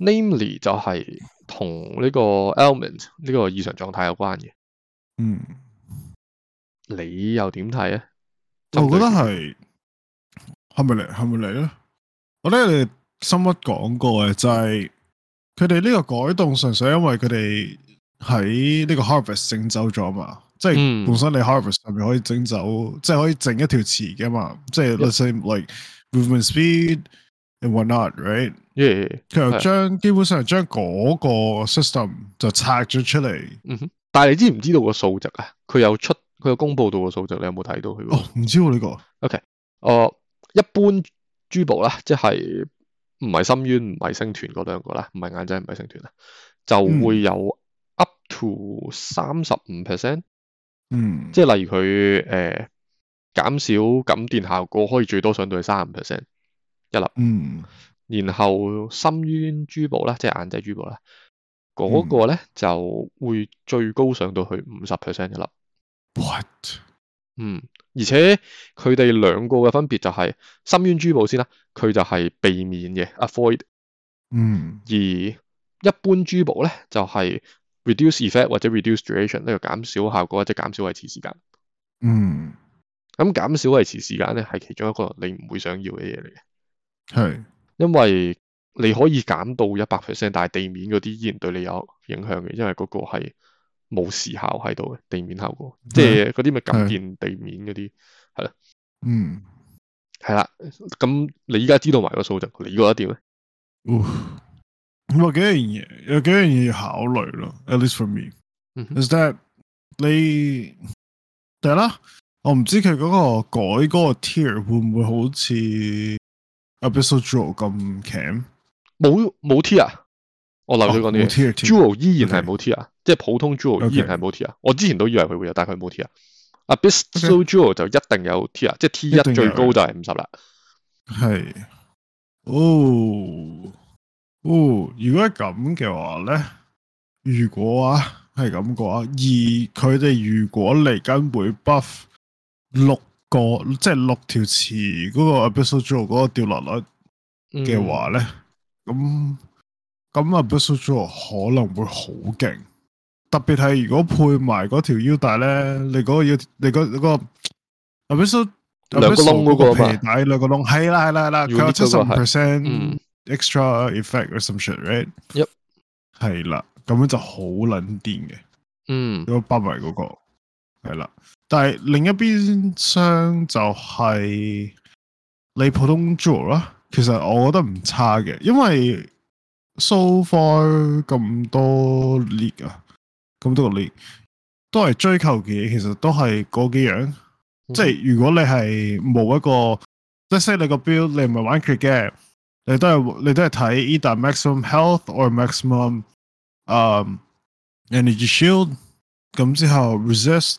Speaker 2: namely 就係同呢個 element 呢個異常狀態有關嘅。嗯，你又點睇啊？我覺得係
Speaker 1: 係咪嚟？係咪嚟咧？我咧，你深屈講過嘅就係佢哋呢個改動純粹因為佢哋喺呢個 harvest 整走咗嘛。即係本身你 harvest 入面可以整走，嗯、即係可以整一條詞嘅嘛。嗯、即係 let's say like movement speed and whatnot，right？即係佢又將基本上係將嗰個 system 就拆咗出嚟。嗯
Speaker 2: 哼，但係你知唔知道個數值啊？佢有出佢有公布到個數值，你有冇睇到佢？哦，唔知喎呢、這個。O K，誒，一般珠寶啦，即係唔係深淵唔係星團嗰兩個啦，唔係眼仔唔係星團啊，嗯、就會有 up to 三十五 percent。嗯，即係例如佢誒、呃、減少感電效果，可以最多上到去三十五 percent 一粒。嗯。然後深淵珠寶啦，即係眼仔珠寶啦，嗰個咧就會最高上到去五十 percent 一粒。What？嗯，而且佢哋兩個嘅分別就係深淵珠寶先啦，佢就係避免嘅 avoid。
Speaker 3: 嗯。
Speaker 2: 而一般珠寶咧就係 reduce effect 或者 reduce duration，呢個減少效果或者減少維持時間。嗯。咁減少維持時間咧係其中一個你唔會想要嘅嘢嚟嘅。係。Hey. 因為你可以減到一百 percent，但係地面嗰啲依然對你有影響嘅，因為嗰個係冇時效喺度嘅地面效果，mm hmm. 即係嗰啲咪減建地面嗰啲係咯。嗯、mm，係、hmm. 啦。咁你依家知道埋個數值，你覺得點咧？
Speaker 1: 咁啊，有幾樣嘢，有幾樣嘢要考慮咯。At least for
Speaker 3: me，is
Speaker 1: that 你，但係咧，我唔知佢嗰個改嗰個 tier 會唔會好似？Abysal Jewel 咁鉗，
Speaker 2: 冇冇 T 啊？我留意講呢啊。Jewel 依然係冇 T 啊，okay. 即係普通 Jewel 依然係冇 T 啊。Okay. 我之前都以為佢會有，但係佢冇 T 啊。Abysal Okay. Jewel 就一定有 T 啊，即係 T 一最高就係五十啦。
Speaker 1: 係，哦哦，如果係咁嘅話咧，如果啊係咁嘅話，而佢哋如果嚟緊會 Buff 六。即那個即係六條詞嗰個 Abelzo 嗰個掉落率嘅話咧，咁咁阿 Abelzo 可能會好勁，特別係如果配埋嗰條腰帶咧，你嗰、那個要你嗰、那、嗰個 Abelzo 兩、那個窿嗰、那個、個，個皮帶，兩個窿係啦係啦啦，佢有七十五 percent extra effect or some shit right？一係啦，咁樣就好撚癲嘅，嗯、那個，如果包埋嗰個係啦。但係另一邊箱就係你普通 draw 啦，其實我覺得唔差嘅，因為 so far 咁多列啊，咁多個列都係追求嘅嘢。其實都係嗰幾樣。嗯、即係如果你係冇一個，即係 [MUSIC] 你個 build 你唔係玩 crit game，你都係你都係睇 either maximum health or maximum、um, energy shield，咁之後 resist。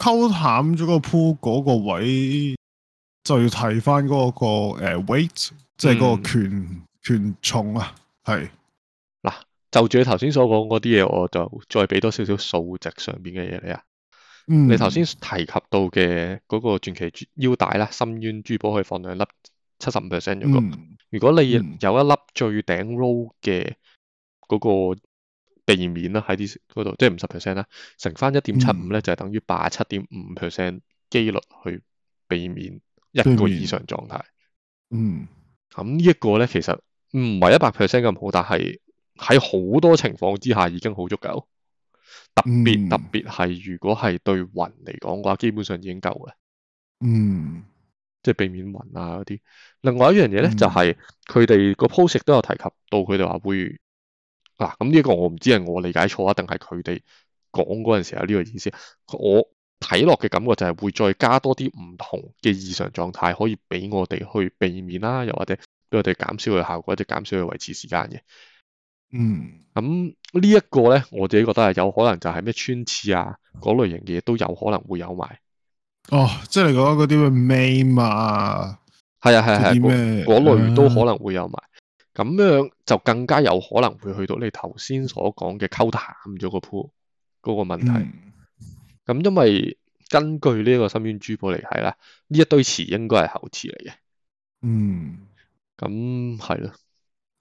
Speaker 1: 溝淡咗個鋪嗰個位就要睇翻嗰個 weight，即係嗰個權、嗯、重啊。
Speaker 2: 係嗱、啊，就住你頭先所講嗰啲嘢，我就再俾多少少數值上邊嘅嘢你啊。
Speaker 3: 嗯，你頭先
Speaker 2: 提及到嘅嗰個傳奇腰帶啦，深淵珠寶可以放兩粒七十五 percent 咁。嗯，如果你有一粒最頂 roll 嘅嗰個。避免啦，喺啲嗰度即係五十 percent 啦，乘翻一點七五咧，就係、是、等於八七點五 percent 機率去避免一個異常狀態。嗯，咁呢一個咧，其實唔係一百 percent 咁好，但係喺好多情況之下已經好足夠。特別、嗯、特別係如果係對雲嚟講嘅話，基本上已經夠嘞。嗯，即係避免雲啊嗰啲。另外一樣嘢咧，嗯、就係佢哋個 post 都有提及到，佢哋話會。嗱，咁呢一個我唔知係我理解錯啊，定係佢哋講嗰陣時候呢個意思。我睇落嘅感覺就係會再加多啲唔同嘅異常狀態，可以俾我哋去避免啦、啊，又或者俾我哋減少嘅效果，或者減少嘅維持時間嘅。嗯，咁、啊這個、呢一個咧，我自己覺得係有可能就係咩穿刺啊，嗰類型嘅嘢都有可能會有埋。
Speaker 1: 哦，即係講嗰啲咩 name 啊，
Speaker 2: 係啊係係，嗰、啊啊啊、類都可能會有埋。咁樣就更加有可能會去到你頭先所講嘅溝淡咗個 pool 嗰個問題。咁、嗯、因為根據呢一個深淵珠寶嚟睇啦，呢一堆詞應該係後詞嚟嘅。嗯，咁係咯。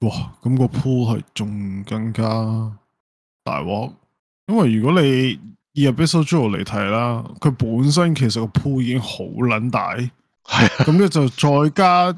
Speaker 1: 哇，咁個 pool 係仲更加大鑊，因為如果你以 absolute 嚟睇啦，佢本身其實個 pool 已經好撚大，係咁咧就再加。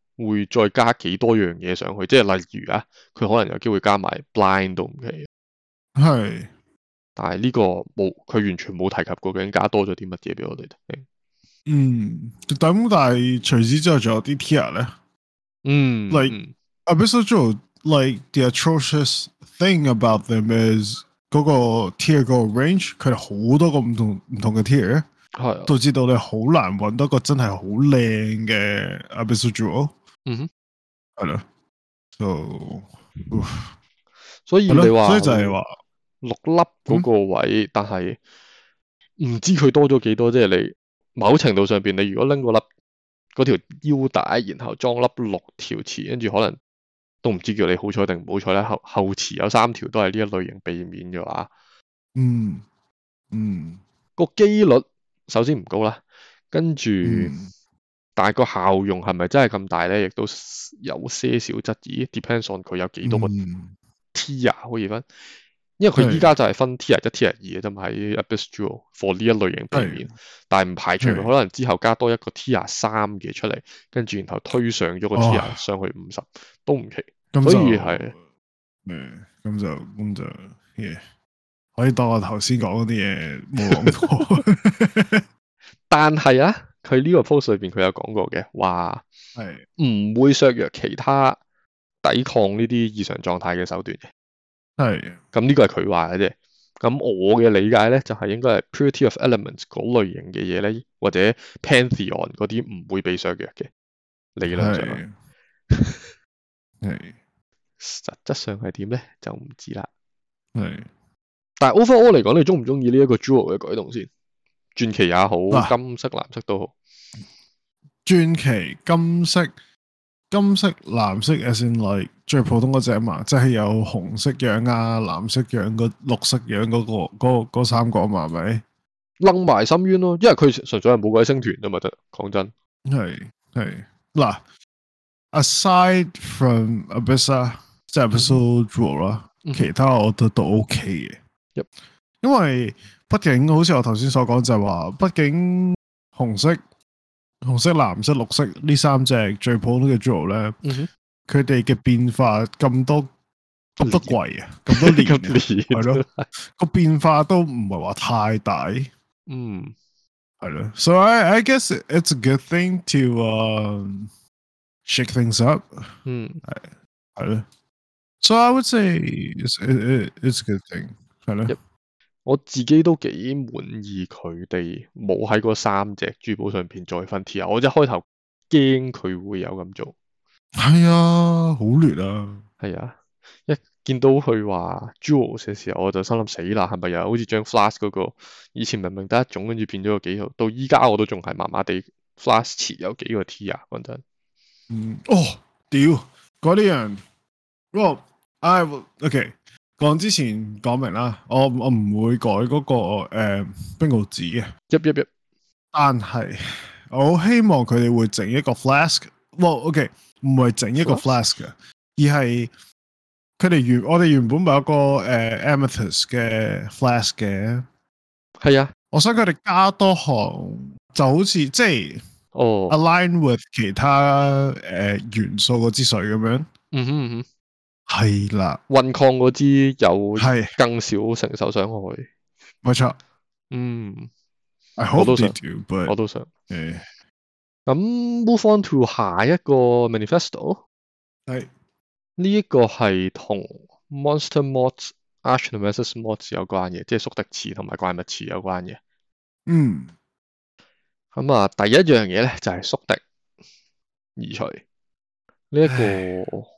Speaker 2: 會再加幾多樣嘢上去，即係例如啊，佢可能有機會加埋 blind 都唔奇。係是，但係呢個冇，佢完全冇提及過究竟加多咗啲乜嘢俾我哋
Speaker 3: 聽。
Speaker 1: 嗯，咁但係除此之外仲有啲 tier 咧。嗯，like、嗯、abyssal jewel，like the atrocious thing about them is 嗰個 tier 個 range，佢好多個唔同唔同嘅 tier，係的導致到你好難揾到個真係好靚嘅 abyssal jewel。
Speaker 3: 嗯，
Speaker 1: 係咯，
Speaker 2: 就
Speaker 3: 所以你話，所以就係
Speaker 2: 話六粒嗰個位，Yeah. 但係唔知佢多咗幾多，即、就、係、是、你某程度上邊，你如果拎個粒嗰條腰帶，然後裝粒六條池，跟住可能都唔知叫你好彩定唔好彩咧。後後池有三條都係呢一類型，避免嘅話，嗯嗯、mm，hmm. 個機率首先唔高啦，跟住、mm。Hmm. 但係個效用係咪真係咁大咧？亦都有些少質疑。depends on 佢有幾多個 tier 可以分，嗯、因為佢依家就係分 tier 一的、tier 二嘅啫嘛。喺 Absolute 的 for 呢一類型平面，的但係唔排除的可能之後加多一個 tier 三嘅出嚟，跟住然後推上咗個 tier、哦、上去五十都唔奇。咁所以係
Speaker 1: 誒，咁就咁就，咁就就就 yeah. 可以當我頭先講嗰啲嘢冇講過。
Speaker 2: 但係啊。佢呢個 post 裏邊佢有講過嘅，話係唔會削弱其他抵抗呢啲異常狀態嘅手段嘅。係的。咁呢個係佢話嘅啫。咁我嘅理解咧，就係、是、應該係 Purity of Elements 嗰類型嘅嘢咧，或者 Pantheon 嗰啲唔會被削弱嘅理論上。係。係。實質上係點咧？就唔知啦。係的。但係 overall 嚟講，你中唔中意呢一個 Jewel 嘅改動先？傳奇也好，啊、金色、藍色都好。
Speaker 1: 傳奇、金色、金色、藍色嘅線內最普通嗰隻嘛，即係有紅色樣啊、藍色樣、個綠色樣嗰、那個、嗰個、嗰嘛，個咪，
Speaker 2: 掹埋深淵咯。因為佢純粹係冇鬼星團啊嘛，得講真。係係
Speaker 1: 嗱，Aside from Abisa、嗯、即係 episode two 啦，其他我覺得都 OK 嘅。一、嗯，因為。畢竟好似我頭先所講就係話，畢竟紅色、紅色、藍色、綠色呢三隻最普通嘅珠寶咧，佢哋嘅變化咁多咁多季啊，咁多年係咯，個變化都唔係話太大。
Speaker 3: 嗯，
Speaker 1: 係咯，So I I guess it's a good thing to shake things up。
Speaker 3: 嗯，係
Speaker 1: 咯，So I would say it's it's a good thing。係咯。
Speaker 2: 我自己都幾滿意佢哋冇喺嗰三隻珠寶上邊再分 T 啊！我一開頭驚佢會有咁做，
Speaker 1: 係、哎、啊，好
Speaker 2: 亂啊，係啊！一見到佢話 Jewels 嘅時候，我就心諗死啦，係咪又好似將 Flash 嗰個以前明明得一種，跟住變咗有幾個，到依家我都仲係麻麻地。Flash 持有幾個 T 啊？講真，嗯，
Speaker 1: 哦，屌，嗰啲人，我，I，okay 講之前講明啦，我我唔會改嗰、那個誒、呃、bingo 紙嘅，一一一， [NOISE] 但係我好希望佢哋會整一個 flask、哦。哇，OK，唔係整一個 flask 嘅，啊、而係佢哋原我哋原本咪有一個誒 Amethyst 嘅 flask 嘅，係、呃、啊，我想佢哋加多行就好似即係哦，align with 其他誒、呃、元素嗰支水咁樣，嗯哼。
Speaker 2: 嗯哼。係啦，蘊礦嗰支有係更少承受傷害，冇錯。
Speaker 3: 嗯，
Speaker 2: 我都想，too, but, okay. 我都想。嗯，咁 move on to 下一個 manifesto，係呢一 [NOISE] 個係同 monster mods arch nemesis mods 有關嘅，即係宿敵詞同埋怪物詞有關嘅、mm. 嗯。嗯，咁啊，第一樣嘢咧就係宿敵移除呢一、這個。 [NOISE]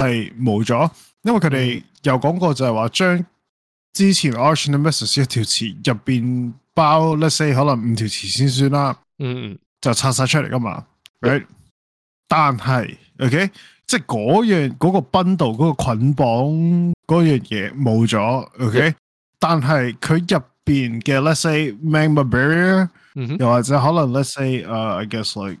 Speaker 1: 係冇咗，因為佢哋又講過就係話，將之前 arch nemesis 一條詞入邊包，let's say 可能五條詞先算啦。嗯，就拆晒出嚟噶嘛？right？但係，ok，即係嗰樣嗰個賓道嗰個捆綁嗰樣嘢冇咗。ok，但係佢入邊嘅 let's say membrane，嗯哼，又或者可能 let's say，誒，I guess like。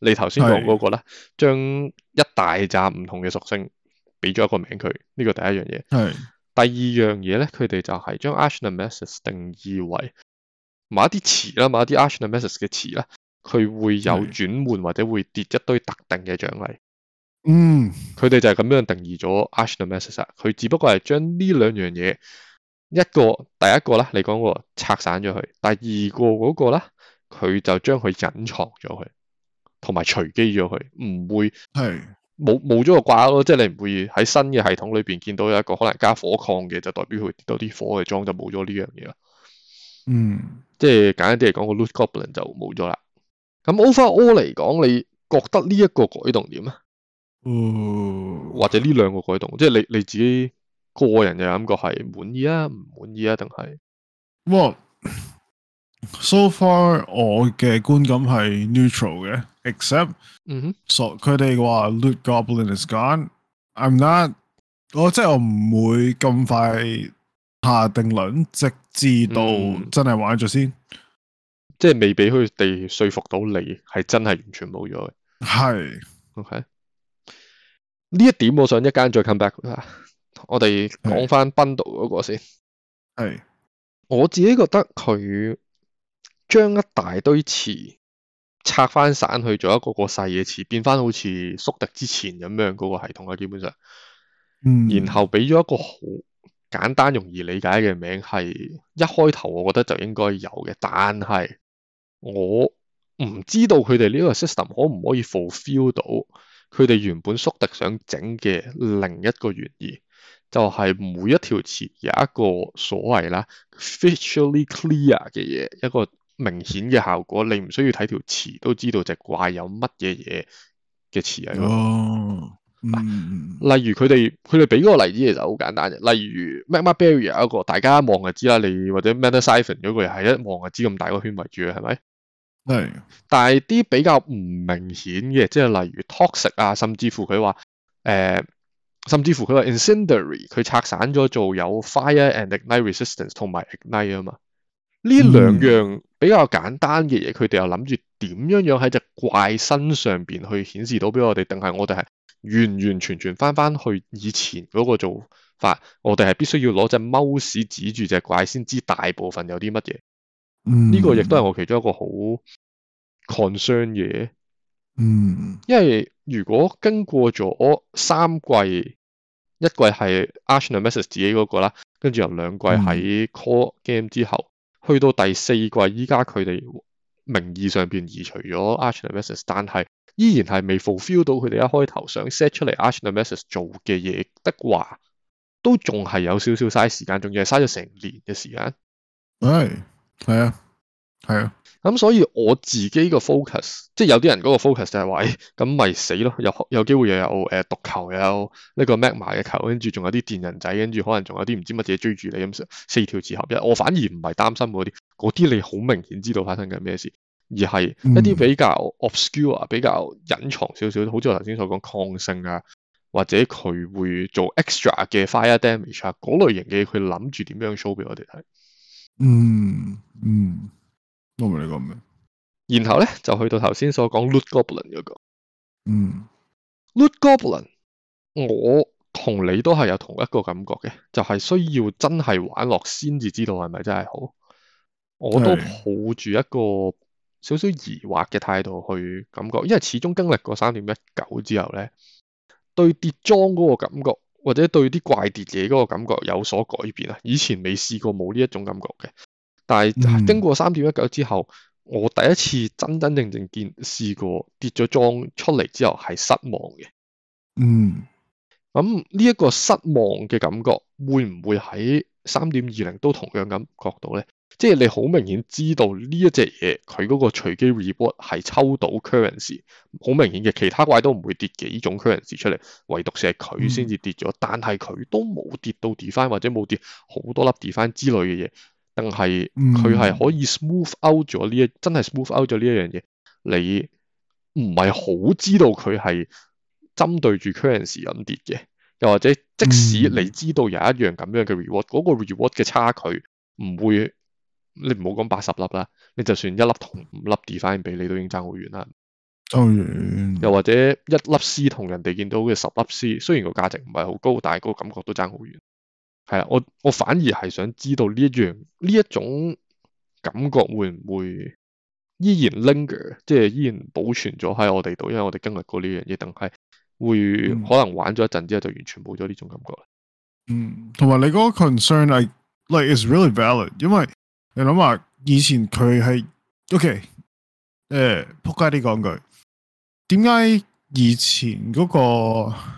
Speaker 2: 你頭先講嗰個咧，將一大紮唔同嘅屬性俾咗一個名佢，呢個第一樣嘢。是第二樣嘢咧，佢哋就係將 archnemesis 定義為某一啲詞啦，某一啲 archnemesis 嘅詞咧，佢會有轉換或者會跌一堆特定嘅獎勵。
Speaker 3: 嗯是，
Speaker 2: 佢哋就係咁樣定義咗 archnemesis。佢只不過係將呢兩樣嘢，一個第一個啦，你講嗰拆散咗佢；第二個嗰個咧，佢就將佢隱藏咗佢。同埋隨機咗佢，唔會係冇冇咗個掛咯。即係你唔會喺新嘅系統裏邊見到有一個可能加火抗嘅，就代表佢跌到啲火嘅裝就冇咗呢樣嘢咯。嗯，即係簡單啲嚟講個 Loot Goblin 就冇咗啦。咁 Overall 嚟講，你覺得呢一個改動點啊？嗯，或者呢兩個改動，即係你你自己個人嘅感覺係滿意啊，唔滿意啊，定係？
Speaker 1: 哇，so far 我嘅觀感係 neutral 嘅。Except，嗯哼、mm，索、hmm. 佢哋話、so, Loot Goblin is gone，I'm not，我即係我唔會咁快下定論，直至到真係玩咗先，嗯、
Speaker 2: 即係未俾佢哋說服到你係真係完全冇咗嘅。係是，OK，呢一點我想一間再 come back 下， [LAUGHS] 我哋講翻 Bundle 嗰個先。係是，我自己覺得佢將一大堆詞。拆翻散去做一個個細嘅詞，變翻好似宿敵之前咁樣嗰、那個系統啊，基本上，嗯、然後俾咗一個好簡單容易理解嘅名，係一開頭我覺得就應該有嘅，但係我唔知道佢哋呢個 system 可唔可以 fulfill 到佢哋原本宿敵想整嘅另一個原意，就係、是、每一條詞有一個所謂啦，visually clear 嘅嘢，一個。明顯嘅效果，你唔需要睇條詞都知道隻怪有乜嘢嘢嘅詞嚟。哦，嗱，例如佢哋佢哋俾嗰個例子就好簡單嘅，例如 Magma Barrier 一個大家望就知啦，你或者 mental siphon 嗰個又係一望就知咁大個圈圍住嘅係咪？係，
Speaker 3: 是
Speaker 2: 但係啲比較唔明顯嘅，即係例如 toxic 啊，甚至乎佢話誒，甚至乎佢話 incendiary，佢拆散咗做有 fire and ignite resistance 同埋 ignite 啊嘛，
Speaker 1: 呢兩
Speaker 2: 樣、嗯。比較簡單嘅嘢，佢哋又諗住點樣樣喺隻怪身上邊去顯示到俾我哋，定係我哋係完完全全返返去以前嗰個做法？我哋係必須要攞隻 mouse 指住隻怪先知大部分有啲乜嘢。呢、mm hmm。個亦都係我其中一個好 concern 嘅嘢。嗯、
Speaker 3: mm，hmm。
Speaker 2: 因為如果經過咗三季，一季係 arch nemesis 自己嗰、那個啦，跟住由兩季喺 call game 之後。去到第四季，依家佢哋名義上邊移除咗 arch nemesis，但係依然係未 fulfill 到佢哋一開頭想 set 出嚟 arch nemesis 做嘅嘢的得話，都仲係有少少嘥時間，仲要係嘥咗成年嘅時間。
Speaker 1: 唉，係啊，係啊。
Speaker 2: 咁、嗯、所以我自己個 focus，即係有啲人嗰個 focus、哎、就係話，誒，咁咪死咯，有有機會又有誒、呃、毒球，又有呢個 Magma 嘅球，跟住仲有啲電人仔，跟住可能仲有啲唔知乜嘢追住你，咁四條字合一，我反而唔係擔心嗰啲，嗰啲你好明顯知道發生緊咩事，而係一啲比較 obscure、比較隱藏少少，好似我頭先所講抗性啊，或者佢會做 extra 嘅 fire damage 嗰、啊、類型嘅，佢諗住點樣 show 俾我哋睇、嗯？嗯
Speaker 3: 嗯。
Speaker 2: 我問你講咩？然後咧，就去到頭先所講 Loot Goblin 嗰、那個，嗯，Loot Goblin，我同你都係有同一個感覺嘅，就係、是、需要真係玩落先至知道係咪真係好。我都抱住一個少少疑惑嘅態度去感覺，因為始終經歷過三點一九之後咧，對跌裝嗰個感覺，或者對啲怪跌嘢嗰個感覺有所改變啊！以前未試過冇呢一種感覺嘅。但係經過三點一九之後，嗯、我第一次真真正正見試過跌咗裝出嚟之後係失望
Speaker 3: 嘅。
Speaker 2: 嗯，咁呢一個失望嘅感覺會唔會喺三點二零都同樣感覺到咧？即係你好明顯知道呢一隻嘢佢嗰個隨機 report 係抽到 currency，好明顯嘅，其他怪都唔會跌嘅呢種 currency 出嚟，唯獨是係佢先至跌咗，嗯、但係佢都冇跌到 define 或者冇跌好多粒 define 之類嘅嘢。定係佢係可以 smooth out 咗呢一、嗯、真係 smooth out 咗呢一樣嘢，你唔係好知道佢係針對住 currency 咁跌嘅，又或者即使你知道有一樣咁樣嘅 reward，嗰、嗯、個 reward 嘅差距唔會，你唔好講八十粒啦，你就算一粒同五粒跌返畀你都已經爭好遠啦，
Speaker 3: 爭、嗯嗯、
Speaker 2: 又或者一粒絲同人哋見到嘅十粒絲，雖然個價值唔係好高，但係個感覺都爭好遠。係啊，我我反而係想知道呢一樣呢一種感覺會唔會依然 linger，即係依然保存咗喺我哋度，因為我哋經歷過呢樣嘢，但係會可能玩咗一陣之後就完全冇咗呢種感覺啦。嗯，
Speaker 1: 同埋你嗰個 concern 係，like it's really valid，因為你諗下以前佢係，ok，誒、呃，仆街啲講句，點解以前嗰、嗰個？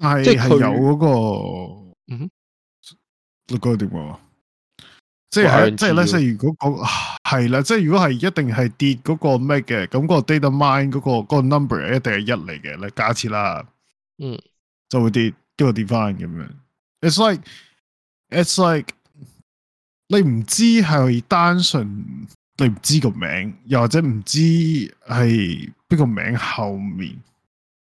Speaker 1: 係，係有嗰、那個，嗯，哼，嗰個點啊？
Speaker 2: 即係、那個，即係
Speaker 1: 咧，即係如果講係啦，即係如果係一定係跌嗰個咩嘅，咁個 data mine 嗰、那個、那個 number 一定係一嚟嘅咧，假設啦，嗯，就會跌，叫個 define 咁樣。It's like, it's like，你唔知係單純，你唔知個名，又或者唔知係邊個名後面。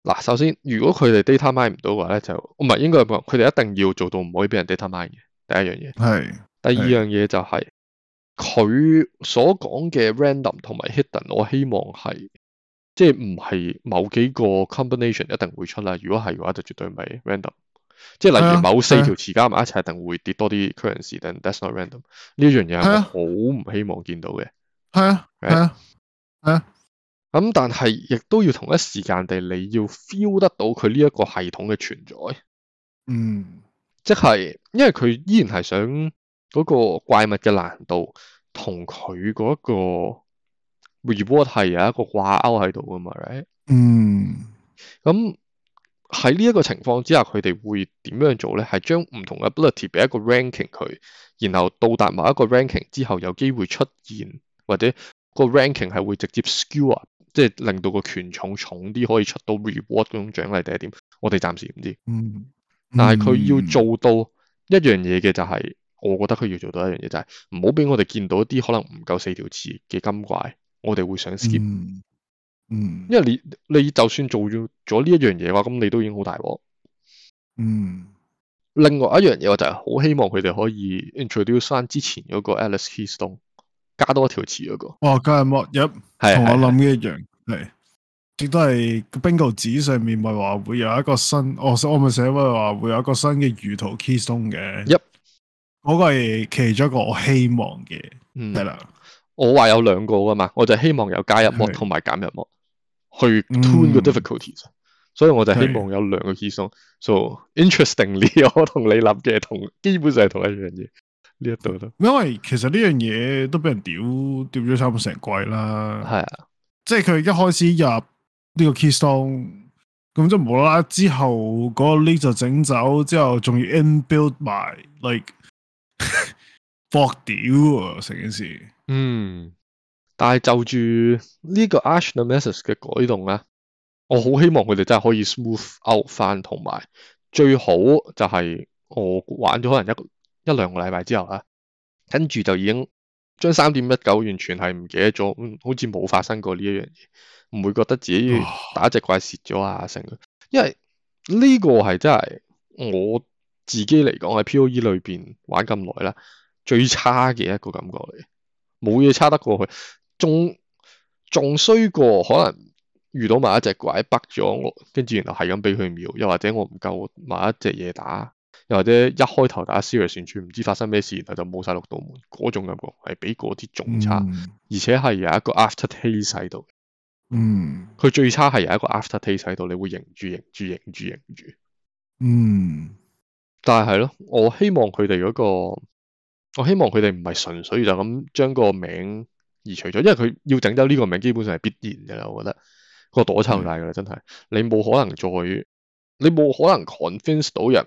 Speaker 2: 嗱，首先，如果佢哋 data mine 唔到嘅話咧，就唔係應該係佢哋一定要做到唔可以俾人 data mine 嘅。第一樣嘢係，是第二樣嘢就係、是、佢的所講嘅 random 同埋 hidden，我希望係即係唔係某幾個 combination 一定會出啦。如果係嘅話，就絕對唔係 random。即係例如某四條詞加埋一齊，一定會跌多啲 currency，但係 that's not random 呢樣嘢，我好唔希望見到嘅。係啊，係啊，啊。咁但係亦都要同一時間地，你要 feel 得到佢呢一個系統嘅存在。
Speaker 3: 嗯，
Speaker 2: 即係因為佢依然係想嗰個怪物嘅難度同佢嗰個 reward 係有一個掛鈎喺度噶嘛咧。
Speaker 3: Right?
Speaker 2: Mm. 嗯，咁喺呢一個情況之下，佢哋會點樣做咧？係將唔同嘅 ability 俾一個 ranking 佢，然後到達某一個 ranking 之後，有機會出現或者個 ranking 係會直接 skill up 即係令到個權重重啲，可以出到 reward 嗰種獎勵定係點？我哋暫時唔知。嗯。嗯。但係佢要做到一樣嘢嘅就係、是，我覺得佢要做到一樣嘢就係、是，唔好俾我哋見到一啲可能唔夠四條字嘅金怪，我哋會想 skip。嗯。嗯。因為你你就算做咗做呢一樣嘢嘅話，咁你都已經好大鑊。嗯。另外一樣嘢我就係、是、好希望佢哋可以 introduce 翻之前嗰個 Alice Keystone。加多條詞嗰個、哦，哇！加入一，同我諗嘅一樣，係
Speaker 1: 亦都係個 bingo 紙上面咪話會有一個新，我我咪寫咪話會有一個新嘅如圖 key song 嘅一，嗰個係其中一個我希望嘅，嗯
Speaker 3: 吧，係啦，
Speaker 2: 我話有兩個啊嘛，我就希望有加入 mod 同埋減入 mod 去 tune 個 difficulties，嗯、所以我就希望有兩個 key song 的 So interestingly，我同你諗嘅同基本上係同一樣嘢。呢一度都，
Speaker 1: 因為其實呢樣嘢都俾人屌，屌咗差唔多成季啦。係啊，即係佢一開始入呢個 Keystone 咁就無啦啦之後嗰個 Lead 就整走，之後仲要 inbuild 埋
Speaker 2: like 博屌成件事。嗯，但係就住呢個 Ash 的 messages 嘅改動啊，我好希望佢哋真係可以 smooth out 翻，同埋最好就係我玩咗可能一個。一兩個禮拜之後啊，跟住就已經將三點一九完全係唔記得咗，嗯，好似冇發生過呢一樣嘢，唔會覺得自己打一隻怪蝕咗啊成，因為呢個係真係我自己嚟講喺 P O E 裏邊玩咁耐啦，最差嘅一個感覺嚟，冇嘢差得過去，仲仲衰過可能遇到埋一隻怪崩咗我，跟住原來係咁畀佢秒，又或者我唔夠埋一隻嘢打。又或者一開頭打 series 完全唔知發生咩事，然後就冇晒六道門嗰種感覺，係比嗰啲仲差，mm. 而且係有一個 after taste 喺度。嗯，佢最差係有一個 after taste 喺度，你會認住認住認住認住。嗯，mm. 但係係咯，我希望佢哋嗰個，我希望佢哋唔係純粹就咁將個名移除咗，因為佢要整走呢個名，基本上係必然嘅啦。我覺得、個朵臭大噶啦，真係、mm. 你冇可能再，你冇可能 convince 到人。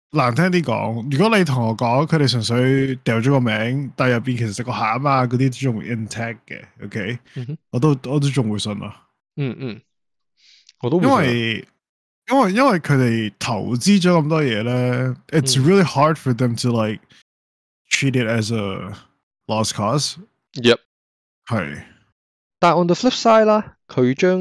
Speaker 1: 難聽啲講，如果你同我講佢哋純粹掉咗個名，但入邊其實食個餡啊啲仲 intact 嘅 ok、
Speaker 3: mm
Speaker 1: hmm。我都我都仲會信啦嗯，嗯，我都因為因為因為佢哋投資咗咁多嘢咧 it's really hard for them to like treat it as a lost cause yep 係
Speaker 2: 是但係 on the flipside 啦佢將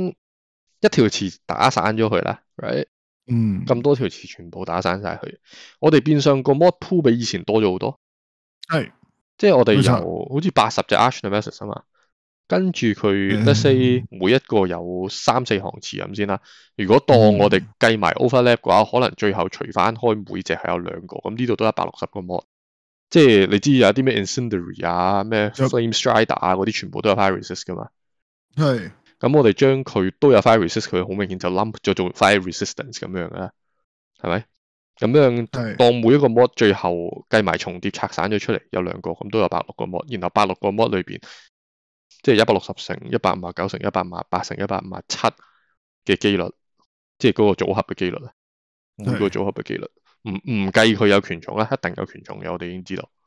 Speaker 2: 一條詞打散咗佢啦 right 嗯，咁多條詞全部打散晒佢，我哋變相個 mod pool 比以前多咗好多，係是，即係我哋有好似八十隻 arch nemesis 嘛，跟住佢 let's say 每一個有三四行詞咁先啦，如果當我哋計埋 overlap 嘅話，嗯、可能最後除翻開每隻係有兩個，咁呢度都一百六十個 mod，即係你知有啲咩 incendiary 啊，咩 flame strider 啊，嗰啲全部都有 fire resist 噶嘛，
Speaker 1: 係是。
Speaker 2: 咁、嗯、我哋將佢都有 fire resist，佢好明顯就 lump 咗做 fire resistance 咁樣啦，係咪？咁樣當每一個 mod 最後計埋重疊拆散咗出嚟有兩個，咁、嗯、都有百六個 mod，然後百六個 mod 裏邊即係一百六十乘一百五十九乘一百五十八乘一百五十七嘅機率，即係嗰個組合嘅機率啊，每個組合嘅機率，唔唔計佢有權重啦，一定有權重嘅，我哋已經知道。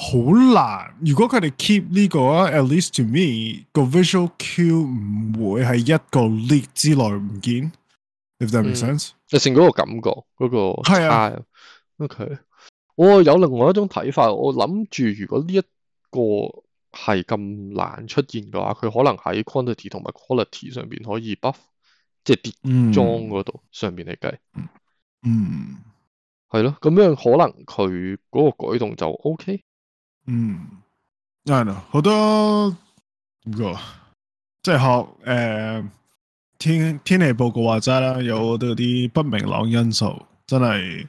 Speaker 1: 好難，如果佢哋 keep 呢、呢個啊，at least to me 個 visual cue 唔會係一個 lead 之內唔見。If that makes sense
Speaker 2: 就成嗰個感覺，嗰、那個係啊。OK，我有另外一種睇法，我諗住如果呢一個係咁難出現嘅話，佢可能喺 quantity 同埋 quality 上邊可以 buff，即係跌裝嗰度上邊嚟計。
Speaker 3: 嗯，
Speaker 2: 係咯，咁、嗯、 [NOISE] 樣可能佢嗰個改動就 OK。
Speaker 1: 嗯，真係，好多，個即係學誒、呃、天天氣報告話齋啦，有好多啲不明朗因素，真係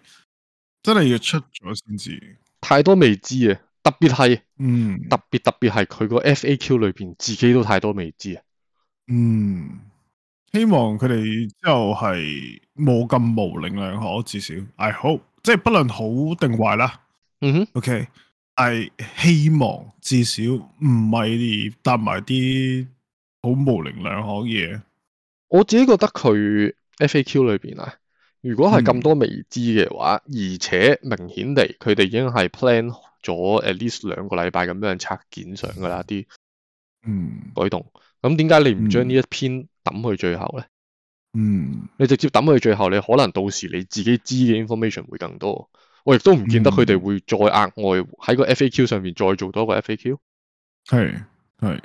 Speaker 2: 真係要出咗先知。太多未知啊，特別係，嗯，特別特別係佢個 F A Q 裏邊，自己都太多未知啊。嗯，
Speaker 1: 希望佢哋之後係冇咁模棱兩可，至少，哎，好，即係不論好定壞啦。嗯哼，OK。係希望
Speaker 2: 至少唔係搭埋啲好模棱兩可嘅嘢。我自己覺得佢 FAQ 裏邊啊，如果係咁多未知嘅話，嗯、而且明顯地佢哋已經係 plan 咗 at least 兩個禮拜咁樣拆件上噶啦啲，嗯，改動。咁點解你唔將呢一篇抌去最後咧？嗯，你直接抌去最後，你可能到時你自己知嘅 information 會更多。我亦都唔見得佢哋會再額外喺個 F A Q 上面再做多一個 F A Q，係係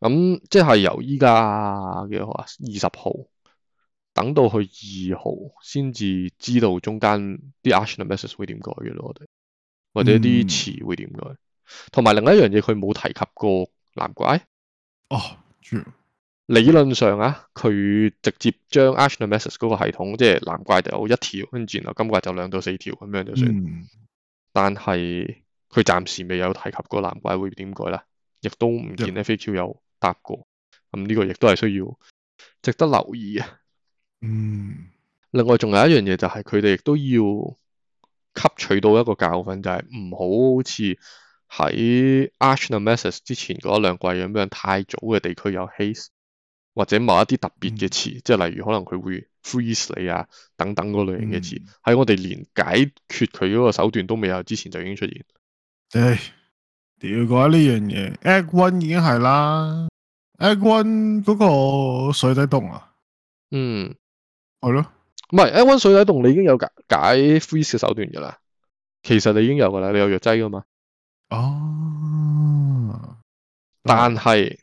Speaker 2: 咁即係由依家嘅話二十號等到去二號先至知道中間啲 action messages 會點改嘅咯，我哋或者啲詞會點改，同埋、嗯、另一樣嘢佢冇提及過，難怪哦。理論上啊，佢直接將 arch nemesis 嗰個系統，即係藍怪就有一條，跟住然後金怪就兩到四條咁樣就算。嗯、但係佢暫時未有提及過藍怪會點改啦，亦都唔見 F A Q 有答過。咁呢、嗯嗯這個亦都係需要值得留意啊。嗯，另外仲有一樣嘢就係佢哋亦都要吸取到一個教訓，就係唔好好似喺 arch nemesis 之前嗰一兩季咁樣太早嘅地區有 haste。或者某一啲特別嘅詞，嗯、即係例如可能佢會 freeze 你啊，等等嗰類型嘅詞，喺、嗯、我哋連解決佢嗰個手段都未有之前，就已經出現。
Speaker 3: 唉、哎，
Speaker 2: 屌！
Speaker 1: 講呢樣嘢，egg one 已經係啦，egg one 嗰個水底洞啊，嗯，
Speaker 2: 係咯、oh,，唔係 egg one 水底洞，你已經有解解 freeze 嘅手段噶啦，其實你已經有噶啦，你有藥劑噶嘛。哦、啊，
Speaker 3: 但
Speaker 2: 係是。啊。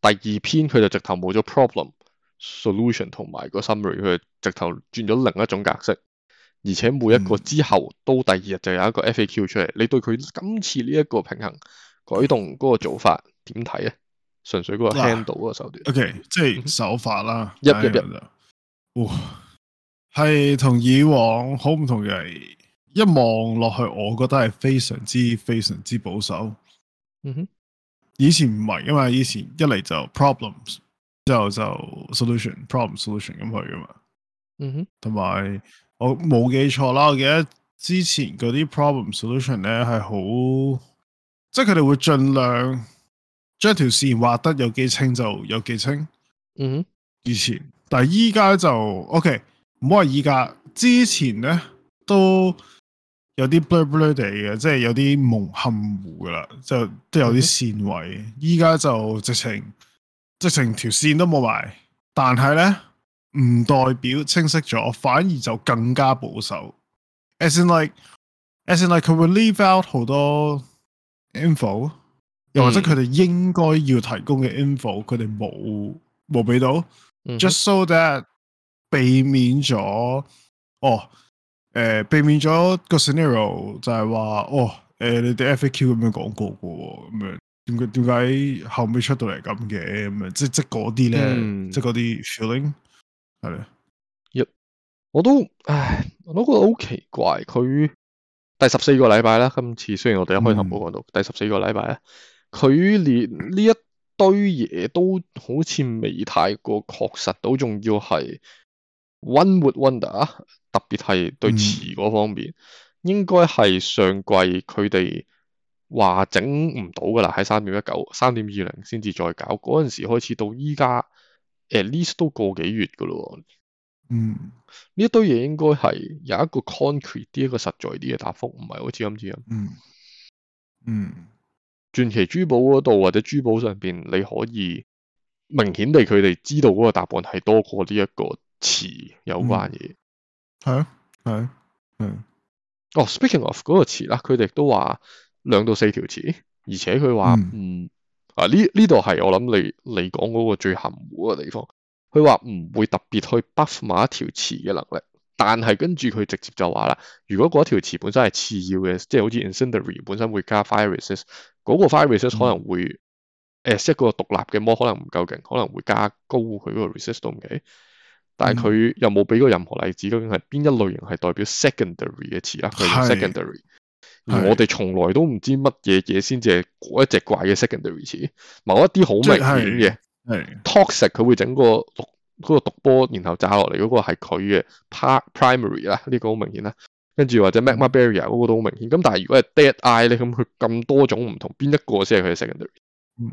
Speaker 2: 第二篇佢就直頭冇咗 problem solution 同埋個 summary，佢直頭轉咗另一種格式，而且每一個之後、嗯、都第二日就有一個 FAQ 出嚟。你對佢今次呢一個平衡改動嗰個做法點睇啊？純粹嗰個 handle 嗰個手段，OK，即
Speaker 1: 係手法啦，一一一，哇是，係同、呃、以往好唔同嘅，一望落去，我覺得係非常之非常之保守。嗯哼。以前唔係，因為以前一嚟就 problems，之後就 solution，problem solution 咁去噶、mm、嘛。嗯哼，同埋我冇記錯啦，我記得之前嗰啲 problem solution 咧係好，即係佢哋會盡量將條線畫得有幾清就有幾清。嗯、
Speaker 3: mm，hmm.
Speaker 1: 以前，但係依家就 OK，唔好話依家，之前咧都。有啲 blur blur 哋嘅，即係有啲蒙含糊噶啦，就都有啲線位。依家、mm hmm. 就直情直情條線都冇埋，但係咧唔代表清晰咗，反而就更加保守。As in like, as in like，佢會 leave out 好多 info，、mm hmm. 又或者佢哋應該要提供嘅 info，佢哋冇冇俾到。Mm hmm. Just so that 避免咗，哦。誒、呃，避免咗個 scenario 就係話，哦，誒、呃，你哋 FAQ 咁樣講過嘅，咁樣點解點解後尾出到嚟咁嘅？咁、就、啊、是，即即嗰啲咧，即嗰啲 feeling
Speaker 2: 係
Speaker 3: 咧，一我都唉，我都覺得好
Speaker 2: 奇怪，佢第十四個禮拜啦，今次雖然我哋一開頭冇講到、嗯、第十四個禮拜啊，佢連呢一堆嘢都好似未太過確實，都仲要係 one would wonder 啊。特別係對詞嗰方面，嗯、應該係上季佢哋話整唔到噶啦。喺三點一九、三點二零先至再搞嗰陣時開始到，到依家 at least 都個幾月噶咯。嗯，呢一堆嘢應該係有一個 concrete 啲、一個實在啲嘅答覆，唔係好似今次咁嗯嗯，傳、嗯、奇珠寶嗰度或者珠寶上邊，你可以明顯地佢哋知道嗰個答案係多過呢一個詞有關嘢。嗯嗯係啊，係啊，係啊。哦，speaking of 嗰個詞啦，佢哋都話兩到四條詞，而且佢話，嗯，啊呢呢度係我諗你嚟講嗰個最含糊嘅地方。佢話唔會特別去 buff 某一條詞嘅能力，但係跟住佢直接就話啦，如果嗰一條詞本身係次要嘅，即係好似 incendiary 本身會加 fire resist，嗰個 fire resist 可能會，誒，即係嗰個獨立嘅魔可能唔夠勁，可能會加高佢嗰個 resist 度嘅。但係佢又冇俾過任何例子，究竟係邊一類型係代表 secondary 嘅詞啦？佢 secondary，是而我哋從來都唔知乜嘢嘢先至係嗰一隻怪嘅 secondary 詞，某一啲好明顯嘅，係 toxic 佢會整個毒嗰、嗰個毒波，然後炸落嚟嗰個係佢嘅 part primary 啦，呢個好明顯啦。跟住或者 m a c m barrier 嗰個都好明顯。咁但係如果係 dead eye 咧，咁佢咁多種唔同，邊一個先係佢嘅 secondary？嗯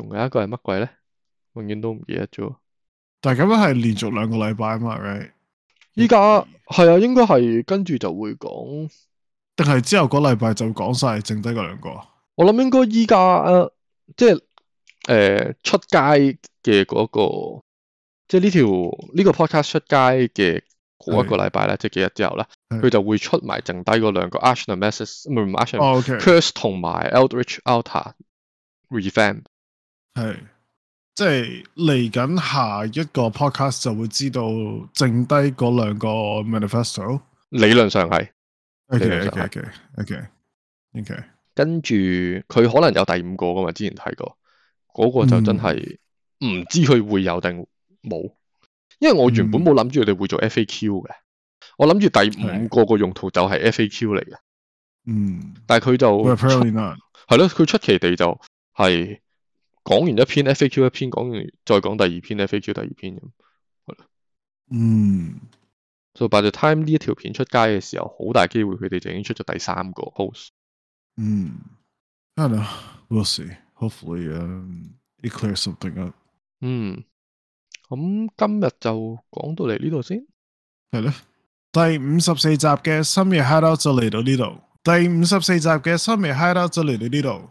Speaker 2: 仲有一個係乜鬼咧？永遠都唔記得咗。
Speaker 1: 但係咁樣係連續兩個禮拜啊嘛，係咪、right? 在？依家係啊，應該係跟住就會講，定係之後嗰禮拜就講晒剩低嗰兩個。
Speaker 2: 我諗應該依家、呃、即係誒、呃、出街嘅嗰、嗰個，即係呢條呢、呢個 podcast 出街嘅嗰一個禮拜咧，即係的幾日之後咧，佢的就會出埋剩低嗰兩個 archnemesis，唔係 archnemesis curse,、oh, okay . e 同埋 eldritch altar revamp。
Speaker 1: 係即係嚟緊下一個 podcast，就會知道剩低嗰兩個 manifesto。Okay,
Speaker 2: 理論上係，O K O K O K O K。Okay, okay, okay, okay. 跟住佢可能有第五個㗎嘛？之前睇過嗰、嗰個就真係唔知佢會有定冇，因為我原本冇諗住佢哋會做 F A Q 嘅。我諗住第五個個用途就係 F A Q 嚟嘅。嗯 Okay.，但係佢就係咯，佢出奇地就係、係。講完一篇 FAQ，一篇講完，再講第二篇 FAQ，第二篇咁。嗯，就、mm. so、by the time 呢一條片出街嘅時候，好大機會佢哋就已經出咗第三個 post、mm. t
Speaker 1: 嗯，I know, we'll see，hopefully，it、um, clears something 啊。嗯，
Speaker 2: 咁
Speaker 1: 今日就講到嚟呢度先，係咧。第五十四集嘅深夜 hideout 就嚟到呢度，第五十四集嘅深夜 hideout 就嚟到呢度。